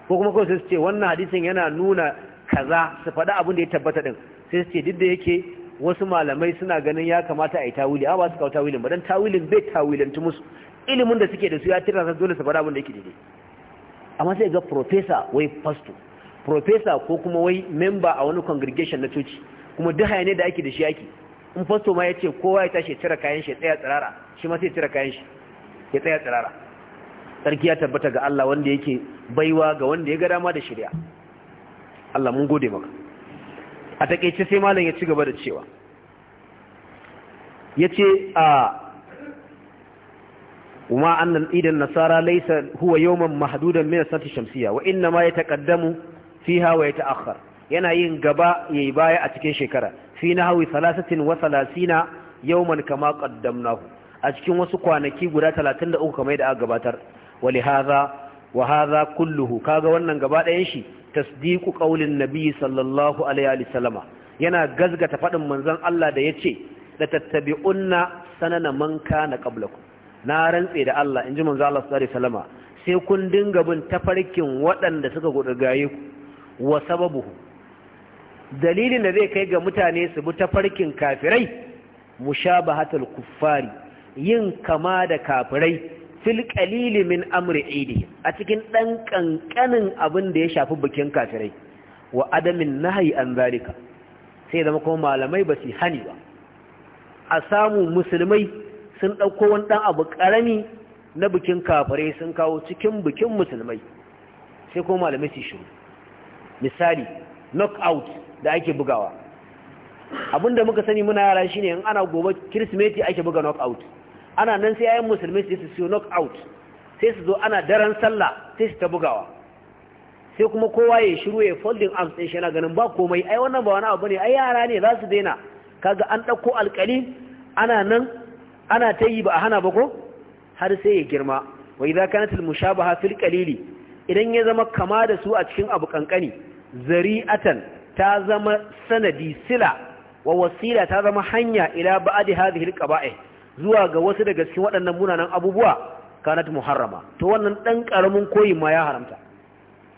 ko kuma kawai sai su ce wannan hadisin yana nuna kaza su faɗa abin da ya tabbata din sai su ce duk da yake wasu malamai suna ganin ya kamata a yi tawili a ba su kawo tawilin ba don tawilin bai tawilantu musu ilimin da suke da su ya tira sa dole su fara abin da yake daidai amma sai ga profesa wai fasto profesa ko kuma wai memba a wani congregation na coci kuma duk hayane da ake da shi ake in fasto ma ya ce kowa ya tashi cire kayan shi tsaya tsirara shi ma sai cire kayan shi ya tsaya tsirara sarki ya tabbata ga Allah wanda yake baiwa ga wanda ya ga dama da shari'a Allah mun gode maka a takaice sai malam ya ci gaba da cewa ya ce a وما أن الإيد النصارى mahdudan هو sati shamsiya من السنة الشمسية وإنما يتقدم ya ويتأخر yana yin gaba yayi baya a cikin shekara fi nahwi 33 yawman kama qaddamnahu a cikin wasu kwanaki guda 33 kamar da aka gabatar wali hadha wa hadha kulluhu kaga wannan gaba ɗayan shi Tasdiku qaulin nabi sallallahu alaihi wa sallama yana gazgata fadin manzon Allah da ya ce da tattabi'unna sanana man kana qablakum na rantse da Allah inji manzon Allah sallallahu alaihi wa sallama sai kun dinga bin tafarkin waɗanda suka gudurgaye ku wa sababuhu dalilin da zai kai ga mutane su bi tafarkin kafirai mushabahatul kuffari yin kama da kafirai fil qalili min amri idi a cikin dan kankanin abin da ya shafi bikin kafirai wa adamin nahyi an zalika sai zama kuma malamai ba su hani ba a samu musulmai sun dauko wani dan abu karami na bikin kafirai sun kawo cikin bikin musulmai sai kuma malamai su shiru misali knockout da ake bugawa abinda muka sani muna yara shine in ana gobe kirsimeti ake buga knockout ana nan sai yayin musulmi sai su siyo knock out sai su zo ana daren sallah sai su ta bugawa sai kuma kowa ya shiru ya folding arms ɗin shi ganin ba komai ai wannan ba wani abu ne ai yara ne za su daina kaga an ɗauko alƙali ana nan ana ta yi ba a hana ba ko har sai ya girma wa idza kanat al mushabaha fil qalili idan ya zama kama da su a cikin abu kankani zari'atan ta zama sanadi sila wa wasila ta zama hanya ila ba'di hadhihi al qaba'i zuwa ga wasu daga cikin waɗannan munanan abubuwa kanat muharrama to wannan ɗan ƙaramin koyi ma ya haramta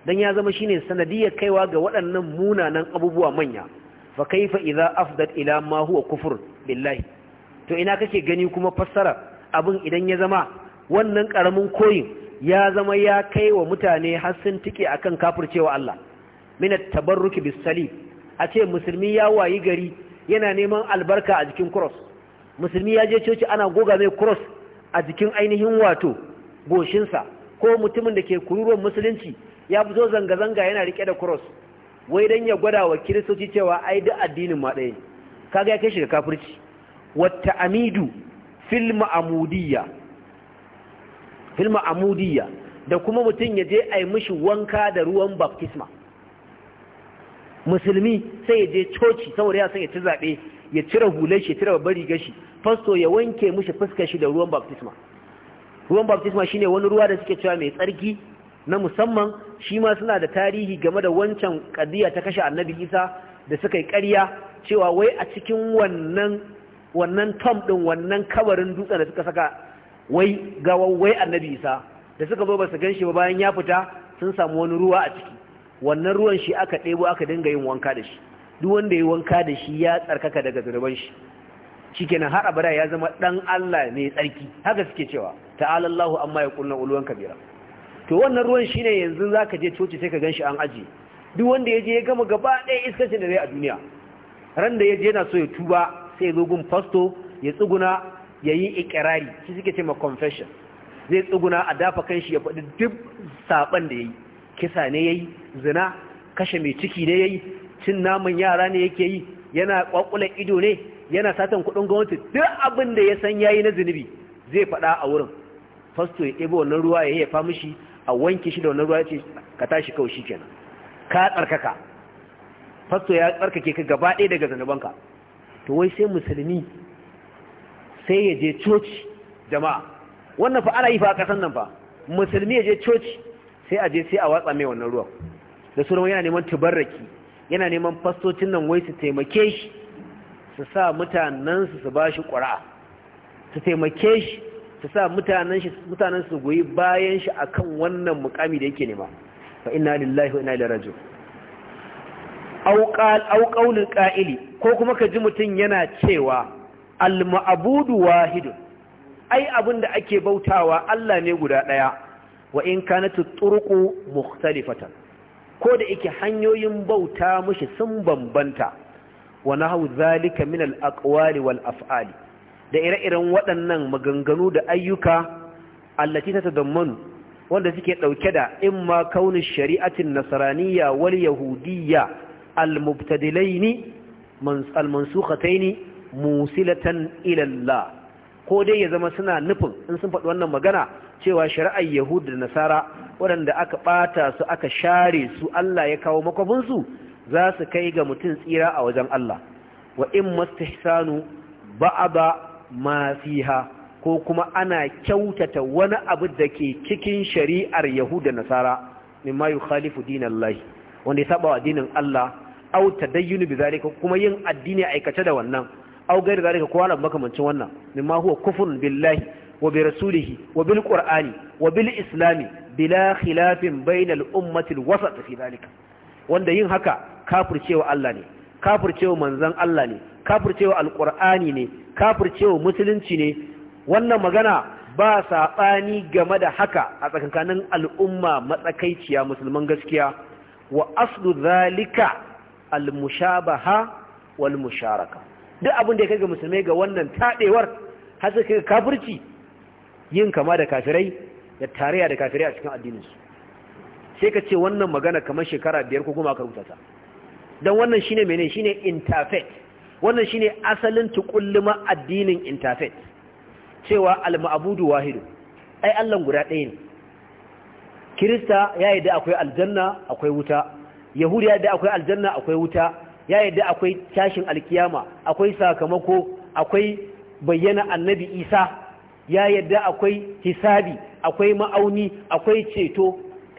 dan ya zama shine sanadiyar kaiwa ga waɗannan munanan abubuwa manya fa kaifa idza afdat ila ma huwa kufur billahi to ina kake gani kuma fassara abin idan ya zama wannan ƙaramin koyin ya zama ya kai wa mutane har sun tike akan kafircewa Allah min at-tabarruk bis-salib a ce musulmi ya wayi gari yana neman albarka a jikin cross musulmi ya je coci ana goga mai cross a jikin ainihin wato goshinsa ko mutumin da ke kururuwan musulunci ya fito zanga-zanga yana rike da cross wai dan ya gwada wa kiristoci cewa ai duk addinin ma ɗaya kaga ya kai shi kafirci wata amidu fil amudiya filma amudiya da kuma mutum ya je a yi mishi wanka da ruwan baptisma musulmi sai ya je coci saboda ya san ya ci zaɓe ya cire hulai shi cire babbar rigar shi fasto ya wanke mishi fuskar shi da ruwan baptisma ruwan baptisma shine wani ruwa da suke cewa mai tsarki na musamman shi ma suna da tarihi game da wancan kadiya ta kashe annabi isa da suka yi ƙarya cewa wai a cikin wannan wannan tom din wannan kabarin dutsen da suka saka wai ga wai annabi isa da suka zo ba su ganshi ba bayan ya fita sun samu wani ruwa a ciki wannan ruwan shi aka ɗebo aka dinga yin wanka da shi duk wanda ya wanka da shi ya tsarkaka daga zunuban shi kenan har abada ya zama dan Allah ne tsarki haka suke cewa ta'ala Allahu amma ya kunna uluwan kabira to wannan ruwan shine yanzu zaka je coci sai ka ganshi an aje duk wanda ya je ya gama gaba ɗaya iskacin da zai a duniya ran da ya je yana so ya tuba sai ya zo gun fasto ya tsuguna ya yi ikirari shi suke ce ma confession zai tsuguna a dafa kanshi ya faɗi duk saban da ya yi kisa ne ya yi zina kashe mai ciki ne ya yi cin naman yara ne yake yi yana kwakwula ido ne yana satan kudin gwamnati duk abin da ya san yayi na zunubi zai faɗa a wurin fasto ya ɗebo wannan ruwa ya yafa mishi a wanke shi da wannan ruwa ya ce ka tashi kawai shi kenan ka tsarkaka fasto ya tsarkake ka gaba ɗaya daga zanubanka to wai sai musulmi sai ya je coci jama'a wannan fa ana yi fa a ƙasan nan fa musulmi ya je coci sai a je sai a watsa mai wannan ruwan da sunan yana neman tubarraki yana neman fastocin nan wai su taimake shi su sa mutanensu su ba shi ƙura su taimake shi su sa mutanen su goyi bayan shi akan wannan mukami da yake nema fa inna lillahi wa inna ilaihi raji'un aw qaulul qa'ili ko kuma ka ji mutun yana cewa al ma'budu wahidun ai abinda ake bautawa Allah ne guda daya wa in kanatu turuqu mukhtalifatan ko da yake hanyoyin bauta mushi sun bambanta wa nahwu zalika min al wal af'ali da ire-iren waɗannan maganganu da ayyuka allati tatadammanu wanda suke dauke da imma kaunin shari'atin nasraniyya wal yahudiyya al-mubtadilaini al-mansukhataini musilatan ila Allah ko dai ya zama suna nufin in sun faɗi wannan magana cewa shari'ar yahud da nasara waɗanda aka ɓata su aka share su Allah ya kawo makwafinsu za su kai ga mutum tsira a wajen Allah wa in ba'a ba'aba ma fiha ko kuma ana kyautata wani abu da ke cikin shari'ar Yahuda Nasara mimma yukhalifu dinallahi wanda ya saba wa addinin Allah au tadayyunu bizalika kuma yin addini aikace da wannan au gairi zalika ko wani makamancin wannan mimma huwa kufrun billahi wa bi rasulihi wa bil qur'ani wa bil islami bila khilafin bainal ummatil wasat fi zalika wanda yin haka kafircewa Allah ne kafircewa manzon Allah ne kafircewa alqur'ani ne kafircewa musulunci ne wannan magana ba saɓani game da haka a tsakankanin al'umma matsakaiciya musulman gaskiya wa aslu zalika al-mushabaha wal musharaka duk abin da ya kai ga musulmai ga wannan taɗewar har sai kafirci yin kama da kafirai ya tarayya da kafirai a cikin addininsu sai ka ce wannan magana kamar shekara biyar ko goma aka rubuta ta don wannan shine mene shine interfet wannan shine asalin tukulluma addinin interfet cewa al-ma'budu wahidu ai Allah guda ɗaya ne kirista ya yadda akwai aljanna akwai wuta yahudi ya yadda akwai aljanna akwai wuta ya yadda akwai tashin alkiyama akwai sakamako akwai bayyana annabi isa ya yadda akwai hisabi akwai ma'auni akwai ceto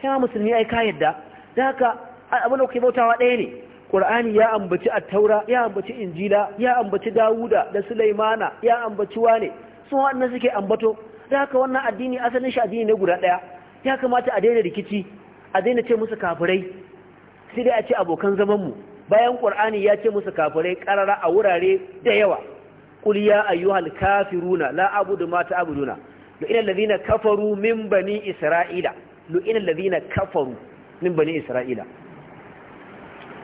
kai musulmi ai ka yadda da haka abin da kuke bautawa ɗaya ne Qur'ani ya ambaci Attaura ya ambaci Injila ya ambaci Dawuda da Sulaimana ya ambaci wane su wannan suke ambato da haka wannan addini asalin shi addini ne guda ɗaya ya kamata a daina rikici a daina ce musu kafirai sai dai a ce abokan zaman mu bayan ƙur'ani ya ce musu kafirai karara a wurare da yawa qul ya ayyuhal kafiruna la a'budu ma abuduna. lu'ina allazina kafaru min bani isra'ila lu'ina allazina kafaru min bani isra'ila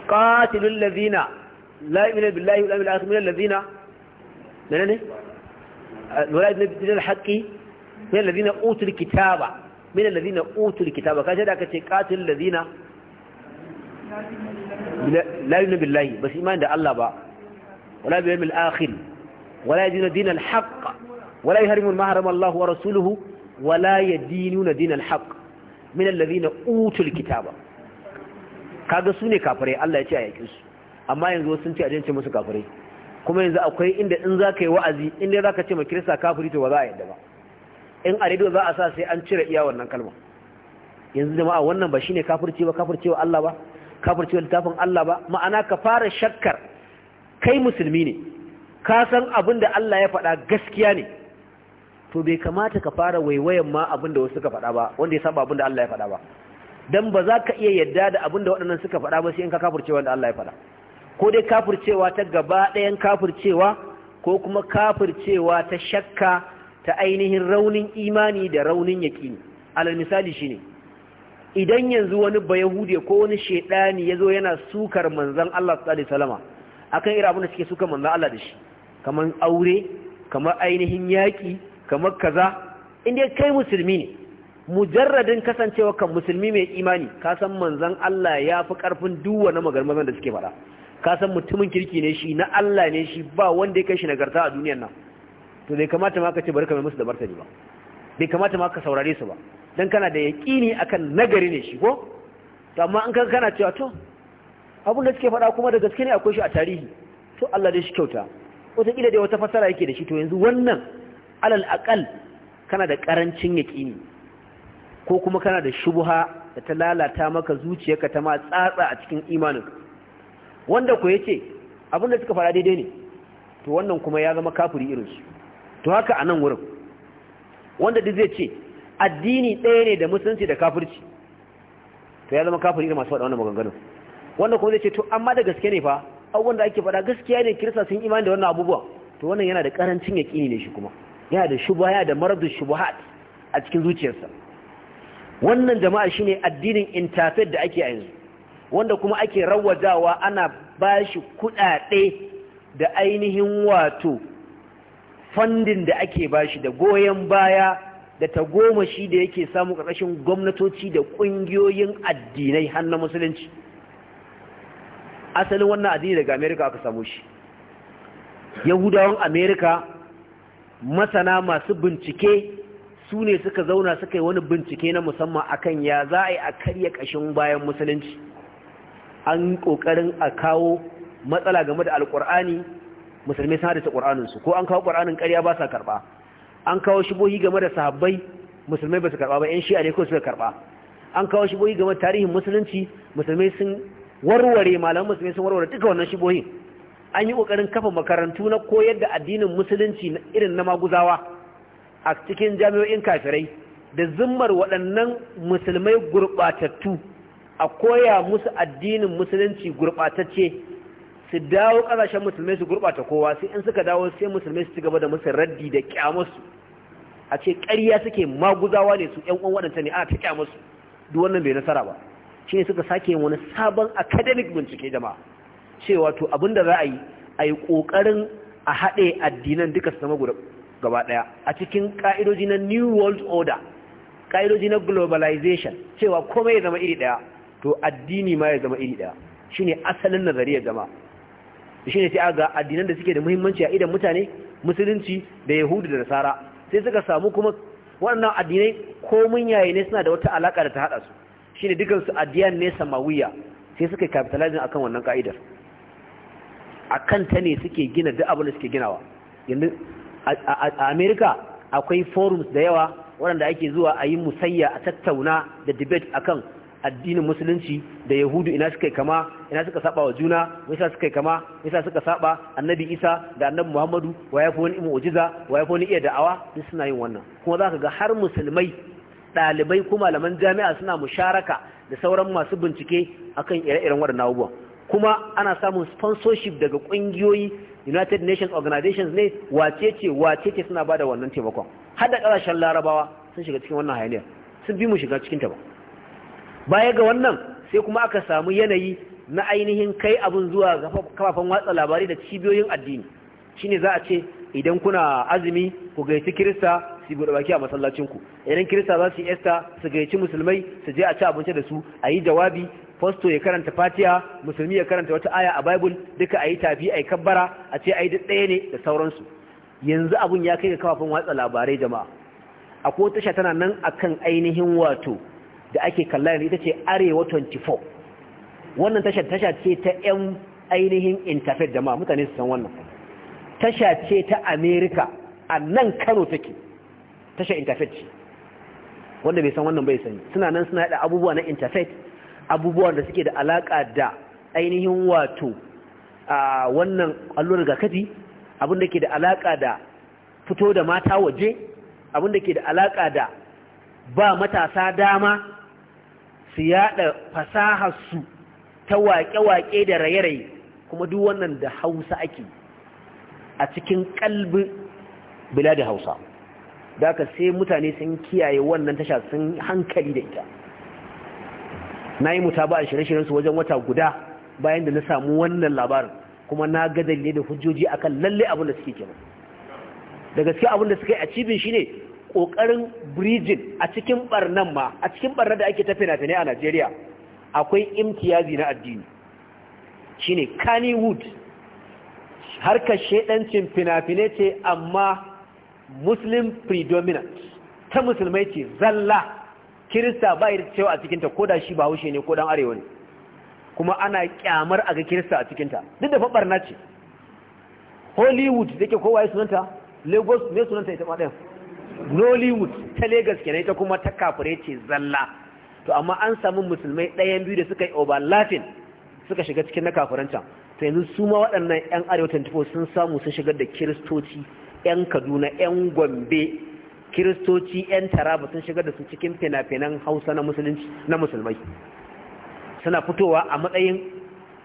qatilul la billahi menene haqqi min utul kitaba min utul kitaba da kace qatilul la billahi bas iman da Allah ba wala bil akhir wala ولا يهرمون ما حرم الله ورسوله ولا يدينون دين الحق من الذين أوتوا الكتاب kaga su ne kafirai Allah ya ce a yaƙi su amma yanzu sun ce a jance musu kafirai kuma yanzu akwai inda in za ka yi wa'azi in za ka ce ma kirista kafiri ba za a yadda ba in a rediyo za a sa sai an cire iya wannan kalma yanzu jama'a wannan ba shine kafirci ba kafirci wa Allah ba kafirci wa littafin Allah ba ma'ana ka fara shakkar kai musulmi ne ka san abin da Allah ya faɗa gaskiya ne to bai kamata ka fara waiwayan ma abin da wasu suka faɗa ba wanda ya saba abin da Allah ya faɗa ba dan ba za ka iya yadda da abin da waɗannan suka faɗa ba sai in ka kafirce wanda Allah ya faɗa ko dai kafircewa ta gaba ɗayan kafircewa ko kuma kafircewa ta shakka ta ainihin raunin imani da raunin yaƙini alal misali shine idan yanzu wani bayahudi ko wani shedani yazo yana sukar manzon Allah sallallahu alaihi wasallam akan irin abin da suke sukar manzon Allah da shi kamar aure kamar ainihin yaƙi kamar kaza inda kai musulmi ne mujarradin kasancewa kan musulmi mai imani ka san manzon Allah ya fi karfin na wani magarmazan da suke fara ka mutumin kirki ne shi na Allah ne shi ba wanda ya kai shi nagarta a duniyar nan to bai kamata ma ka ce barka mai musu da martani ba bai kamata ma ka saurare su ba dan kana da yaqini akan nagari ne shi ko to amma an kan kana cewa to abin da suke faɗa kuma da gaske ne akwai shi a tarihi to Allah dai shi kyauta kila dai wata fasara yake da shi to yanzu wannan alal aƙal kana da yaƙi ne, ko kuma kana da shubha da ta lalata maka zuciyarka ta ma tsatsa a cikin imanin. wanda ku yace abin da suka fara daidai ne to wannan kuma ya zama kafiri irin su to haka a nan wurin wanda duk zai ce addini ɗaya ne da musulunci da kafirci to ya zama kafiri irin masu faɗa wannan maganganun wanda kuma zai ce to amma da gaske ne fa abubuwan da ake faɗa gaskiya ne kirista sun imani da wannan abubuwan to wannan yana da ƙarancin yaƙini ne shi kuma yana da shubha yana da maradu shubuhat a cikin zuciyarsa wannan jama'a shine addinin intafet da ake a yanzu wanda kuma ake rawajawa ana ba shi kudade da ainihin wato fandin da ake bashi da goyen baya da ta shi da yake samu karkashin gwamnatoci da ƙungiyoyin addinai hannun musulunci asalin wannan addini daga amerika aka samu shi yahudawan amerika masana masu bincike su ne suka zauna suka yi wani bincike na musamman akan ya za a yi a karya ƙashin bayan musulunci an ƙoƙarin a kawo matsala game da alƙur'ani musulmi sun ta ƙur'aninsu ko an kawo ƙur'anin ƙarya ba sa karɓa an kawo shibohi game da sahabbai musulmai ba su karɓa ba 'yan a ne ko suka karɓa an kawo shibohi game da tarihin musulunci musulmai sun warware malaman musulmai sun warware duka wannan shibohin an yi ƙoƙarin kafa makarantu na koyar da addinin musulunci irin na maguzawa a cikin jami'o'in kafirai da zimmar waɗannan musulmai gurɓatattu a koya musu addinin musulunci gurɓatacce su dawo ƙasashen musulmai su gurɓata kowa sai in suka dawo sai musulmai su ci gaba da musu raddi da ƙyamarsu a ce ƙarya suke maguzawa ne su ƴan uwan waɗanta ne a ta ƙyamarsu duk wannan bai nasara ba shine suka sake wani sabon academic bincike jama'a cewa to abin da za a yi a yi ƙoƙarin a haɗe addinan duka su zama gaba ɗaya a cikin ƙa'idoji na new world order ƙa'idoji na globalization cewa komai ya zama iri ɗaya to addini ma ya zama iri ɗaya shi ne asalin nazari ya zama shi ne sai aga addinan da suke da muhimmanci a idan mutane musulunci da yahudu da nasara sai suka samu kuma waɗannan addinai komun yayi ne suna da wata alaƙa da ta haɗa su shi ne dukansu addiyan ne samawiya sai suka yi capitalizing akan wannan ka'idar a kanta ne suke gina duk abin da suke ginawa yanzu a america akwai forums da yawa waɗanda ake zuwa a yi musayya a tattauna da debate akan addinin musulunci da yahudu ina suka kama ina suka saba wa juna yasa suka kama yasa suka saba annabi isa da annabi muhammadu wa ya fi wani mu'jiza wa ya wani iya da'awa duk suna yin wannan kuma za ka ga har musulmai ɗalibai ko malaman jami'a suna musharaka da sauran masu bincike akan ire-iren waɗannan abubuwan kuma ana samun sponsorship daga kungiyoyi united nations organizations ne wace ce, wace ce suna bada wannan taimakon har da ƙasashen larabawa sun shiga cikin wannan hayaniyar sun bi mu shiga cikin ta ba baya ga wannan sai kuma aka samu yanayi na ainihin kai abin zuwa kafafen watsa labarai da cibiyoyin addini shine za a ce idan kuna azumi ku gaici kirista su bude baki a masallacinku idan kirista za su yi esta su gaici musulmai su je a ci abinci da su a yi jawabi fasto ya karanta fatiya, musulmi ya karanta wata aya a bible duka ayi tafi ayi kabbara a ce ayi ɗaya ne da sauransu yanzu abun ya kai ga kafafen watsa labarai jama'a akwai tasha tana nan akan ainihin wato da ake kalla da ita ce arewa 24 wannan tasha tasha ce ta yan ainihin interfaith jama'a mutane su san wannan tasha ce ta america a nan kano take tasha interfaith ce wanda bai san wannan bai sani suna nan suna da abubuwa na interfaith abubuwan da suke da alaƙa da ainihin wato a wannan allon rigakafi abin da ke da alaƙa da fito da mata waje abin da ke da alaƙa da ba matasa dama su yaɗa fasaharsu ta waƙe-waƙe da raye-raye kuma duk wannan da hausa ake a cikin kalbi bila hausa da sai mutane sun kiyaye wannan tasha sun hankali da ita na yi mutaba a shirye-shiryen su wajen wata guda bayan da na samu wannan labarin kuma na ga da hujjoji akan lalle abin suke kira da gaske abin da suka yi a cibin shine kokarin brijin a cikin barnan ma a cikin barna da ake ta fina a Najeriya akwai imtiyazi na addini Shi ne Kannywood harkar shedancin fina-finai ce amma Muslim predominant ta musulmai ce zalla kirista ba yi cewa a cikinta ko da shi ba haushe ne ko dan arewa ne kuma ana kyamar a ga kirista a cikinta duk da faɓar na ce hollywood da ke kowa ya sunanta lagos ne sunanta ita maɗayan nollywood ta lagos kenan ita kuma ta kafure ce zalla to amma an samu musulmai ɗayan biyu da suka yi overlapping suka shiga cikin na kafurancan to yanzu su ma waɗannan 'yan arewa 24 sun samu sun shigar da kiristoci 'yan kaduna 'yan gombe kiristoci 'yan taraba sun shigar da su cikin fina-finan hausa na musulmai suna fitowa a matsayin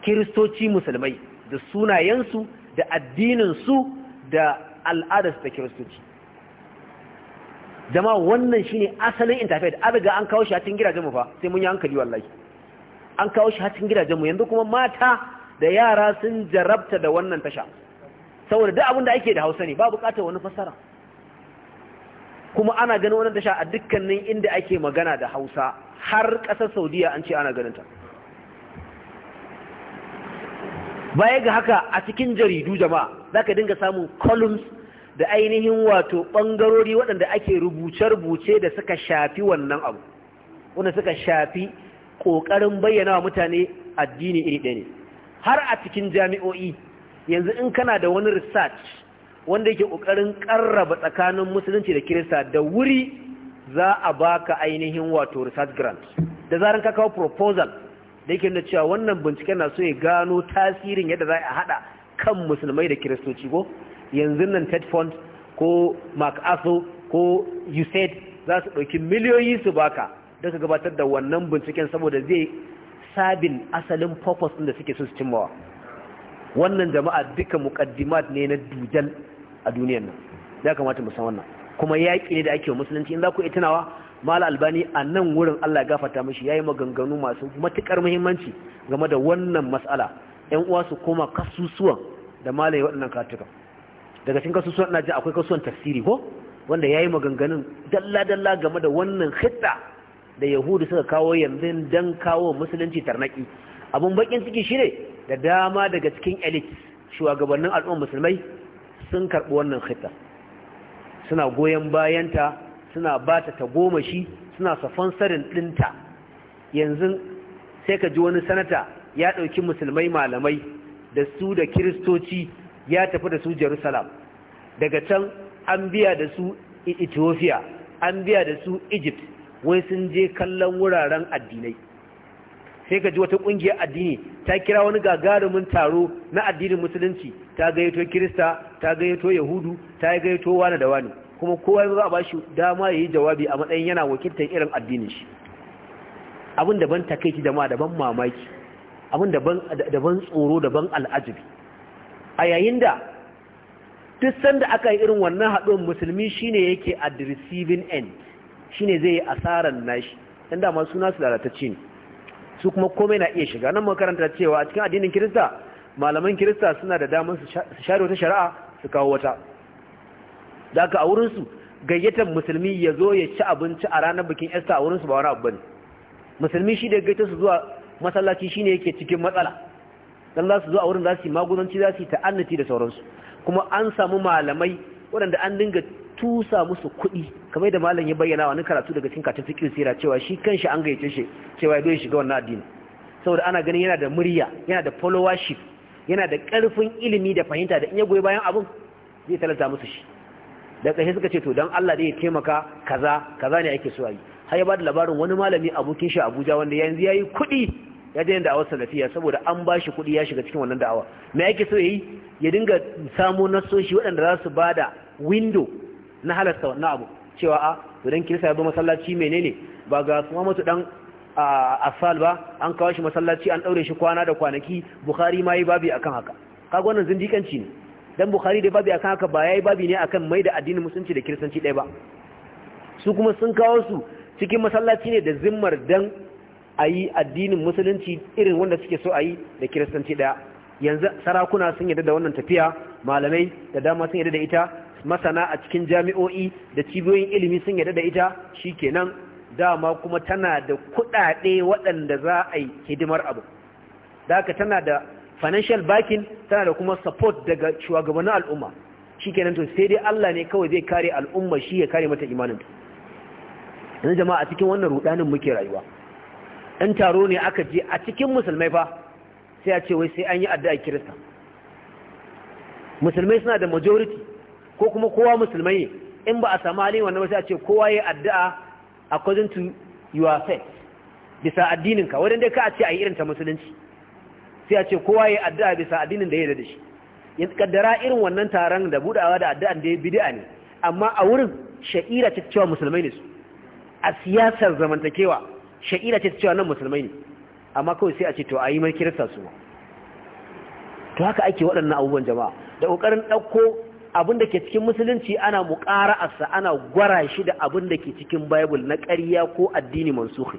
kiristoci musulmai da sunayensu da addininsu da al'adarsu da kiristoci zama wannan shine asalin interfaith abu ga an kawo shi hatin gidajenmu fa sai mun yi hankali wallahi an kawo shi hatin gidajenmu yanzu kuma mata da yara sun jarabta da wannan tasha saboda duk abin da ake da hausa ne ba bukatar wani fassara kuma ana ganin wannan tasha a dukkanin inda ake magana da hausa har ƙasar saudiya an ce ana ganin ta baya ga haka a cikin jaridu jama'a za ka dinga samun columns da ainihin wato ɓangarori waɗanda ake rubuce-rubuce da suka shafi wannan abu wanda suka shafi ƙoƙarin bayyana wa mutane addini iri ɗaya ne har a cikin jami'o'i yanzu in kana da wani research wanda yake ƙoƙarin ƙarraba tsakanin musulunci da kirista da wuri za a baka ainihin wato research grant da zaran ka kawo proposal da yake nuna cewa wannan binciken na so ya gano tasirin yadda za a haɗa kan musulmai da kiristoci ko yanzu nan ted fund ko aso ko usaid za su ɗauki miliyoyi su baka da su gabatar da wannan binciken saboda zai sabin asalin purpose ɗin da suke so su cimmawa wannan jama'a duka mukaddimat ne na dujan a duniyar nan ya kamata mu san wannan kuma yaƙi ne da ake wa musulunci in za ku iya tunawa albani a nan wurin Allah ya gafarta mishi yayi maganganu masu matukar muhimmanci game da wannan mas'ala yan uwa su koma kasusuwan da malai waɗannan karatukan daga cikin kasusuwan ina ji akwai kasusuwan tafsiri ko wanda yayi maganganun dalla dalla game da wannan hitta da yahudu suka kawo yanzu dan kawo musulunci tarnaki abun bakin ciki shine da dama daga cikin elite shugabannin al'ummar musulmai sun karɓi wannan khita suna goyon bayanta suna ba ta tagomashi suna safon sarin ɗinta yanzu sai ka ji wani sanata ya ɗauki musulmai malamai da su da kiristoci ya tafi da su jerusalem daga can an biya da su ethiopia an biya da su egypt wai sun je kallon wuraren addinai sai ka ji wata ƙungiyar addini ta kira wani gagarumin taro na addinin musulunci ta gayyato kirista ta gayyato yahudu ta gayyato wani da wani kuma kowa za ba shi dama ya yi jawabi a matsayin yana wakiltar irin addinin shi abin daban takaici da ma daban mamaki abin daban tsoro daban al'ajabi a yayin da duk sanda aka yi irin wannan haɗin musulmi shine yake at the receiving end shine zai yi asaran nashi dan ma suna su lalatacce ne su kuma komai na iya shiga nan makaranta cewa a cikin addinin kirista malaman kirista suna da damar su share wata shari'a su kawo wata da aka a wurinsu gayyatar musulmi ya zo ya ci abinci a ranar bikin esta a wurinsu ba wani abu ne. musulmi shi da gaita su zuwa masallaci ne yake cikin matsala don za su zo a wurin za su yi magudanci za su yi ta'annati da sauransu kuma an samu malamai waɗanda an dinga tusa musu kuɗi kamar da malam ya bayyana wani karatu daga cikin katin fiqh sira cewa shi kanshi an gayyace shi cewa ya shiga wannan addini saboda ana ganin yana da murya yana da followership yana da karfin ilimi da fahimta da in ya goyi bayan abun zai talata musu shi da ƙarshe suka ce to dan Allah da ya taimaka kaza kaza ne ake so a yi har ya ba labarin wani malami abokin shi Abuja wanda yanzu yayi kuɗi ya daina da'awar salafiya saboda an ba shi kuɗi ya shiga cikin wannan da'awa me yake so yayi ya dinga samo nasoshi waɗanda za su bada window na halarta wannan abu cewa a idan kirista ya zo masallaci menene ba ga su mutu dan asal ba an kawo shi masallaci an daure shi kwana da kwanaki bukhari ma yi babi akan haka kaga wannan zindikanci ne dan bukhari da babi akan haka ba yayi babi ne akan mai da addinin musulunci da kiristanci ɗaya ba su kuma sun kawo su cikin masallaci ne da zimmar dan ayi addinin musulunci irin wanda suke so ayi da kiristanci daya yanzu sarakuna sun yarda da wannan tafiya malamai da dama sun yarda da ita masana a cikin jami'o'i da cibiyoyin ilimi sun yarda da ita shi shikenan dama kuma tana da kuɗaɗe waɗanda za a yi hidimar abu da haka tana da financial backing tana da kuma support daga shugabannin al'umma shikenan to sai dai Allah ne kawai zai kare al'umma shi ya kare mata imanin ta yanzu jama'a cikin wannan rudanin muke rayuwa dan taro ne aka je a cikin musulmai fa sai a ce wai sai an yi addu'a kirista musulmai suna da majority ko kuma kowa musulmai in ba a samu halin wannan sai a ce kowa ya addu'a according to your faith bisa addininka wadan dai ka a ce a yi irin ta musulunci sai a ce kowa ya addu'a bisa addinin da ya yarda da shi in kaddara irin wannan taron da budawa da addu'an da ya bidi'a ne amma a wurin sha'ira ce cewa musulmai ne su a siyasar zamantakewa sha'ira ce cewa nan musulmai ne amma kawai sai a ce to a yi mai kirista su to haka ake waɗannan abubuwan jama'a da ƙoƙarin ɗauko abin da ke cikin musulunci ana asa ana gwara shi da abin da ke cikin bible na ƙarya ko addini mansuhi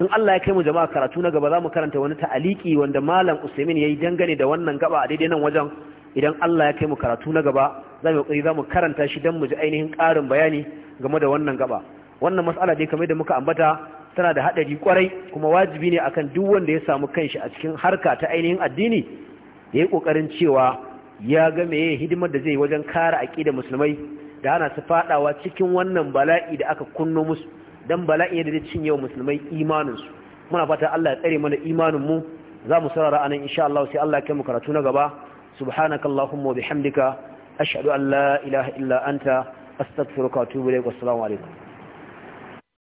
in Allah ya kai mu jama'a karatu na gaba za mu karanta wani ta'aliki wanda malam usaimin ya yi dangane da wannan gaba a daidai nan wajen idan Allah ya kai mu karatu na gaba za mu za mu karanta shi dan mu ji ainihin ƙarin bayani game da wannan gaba wannan mas'ala dai kamar da muka ambata tana da haɗari kwarai kuma wajibi ne akan duk wanda ya samu kanshi a cikin harka ta ainihin addini yayi kokarin cewa ya ga meye hidimar da zai wajen kare aqidar musulmai da ana su fadawa cikin wannan bala'i da aka kunno musu dan bala'i da zai cinye musulmai imanin su muna fata Allah ya tsare mana imanin mu za mu sarara anan insha Allah sai Allah ya kai mu karatu na gaba subhanakallahumma wa bihamdika ashhadu an la ilaha illa anta astaghfiruka wa atubu ilaik assalamu alaikum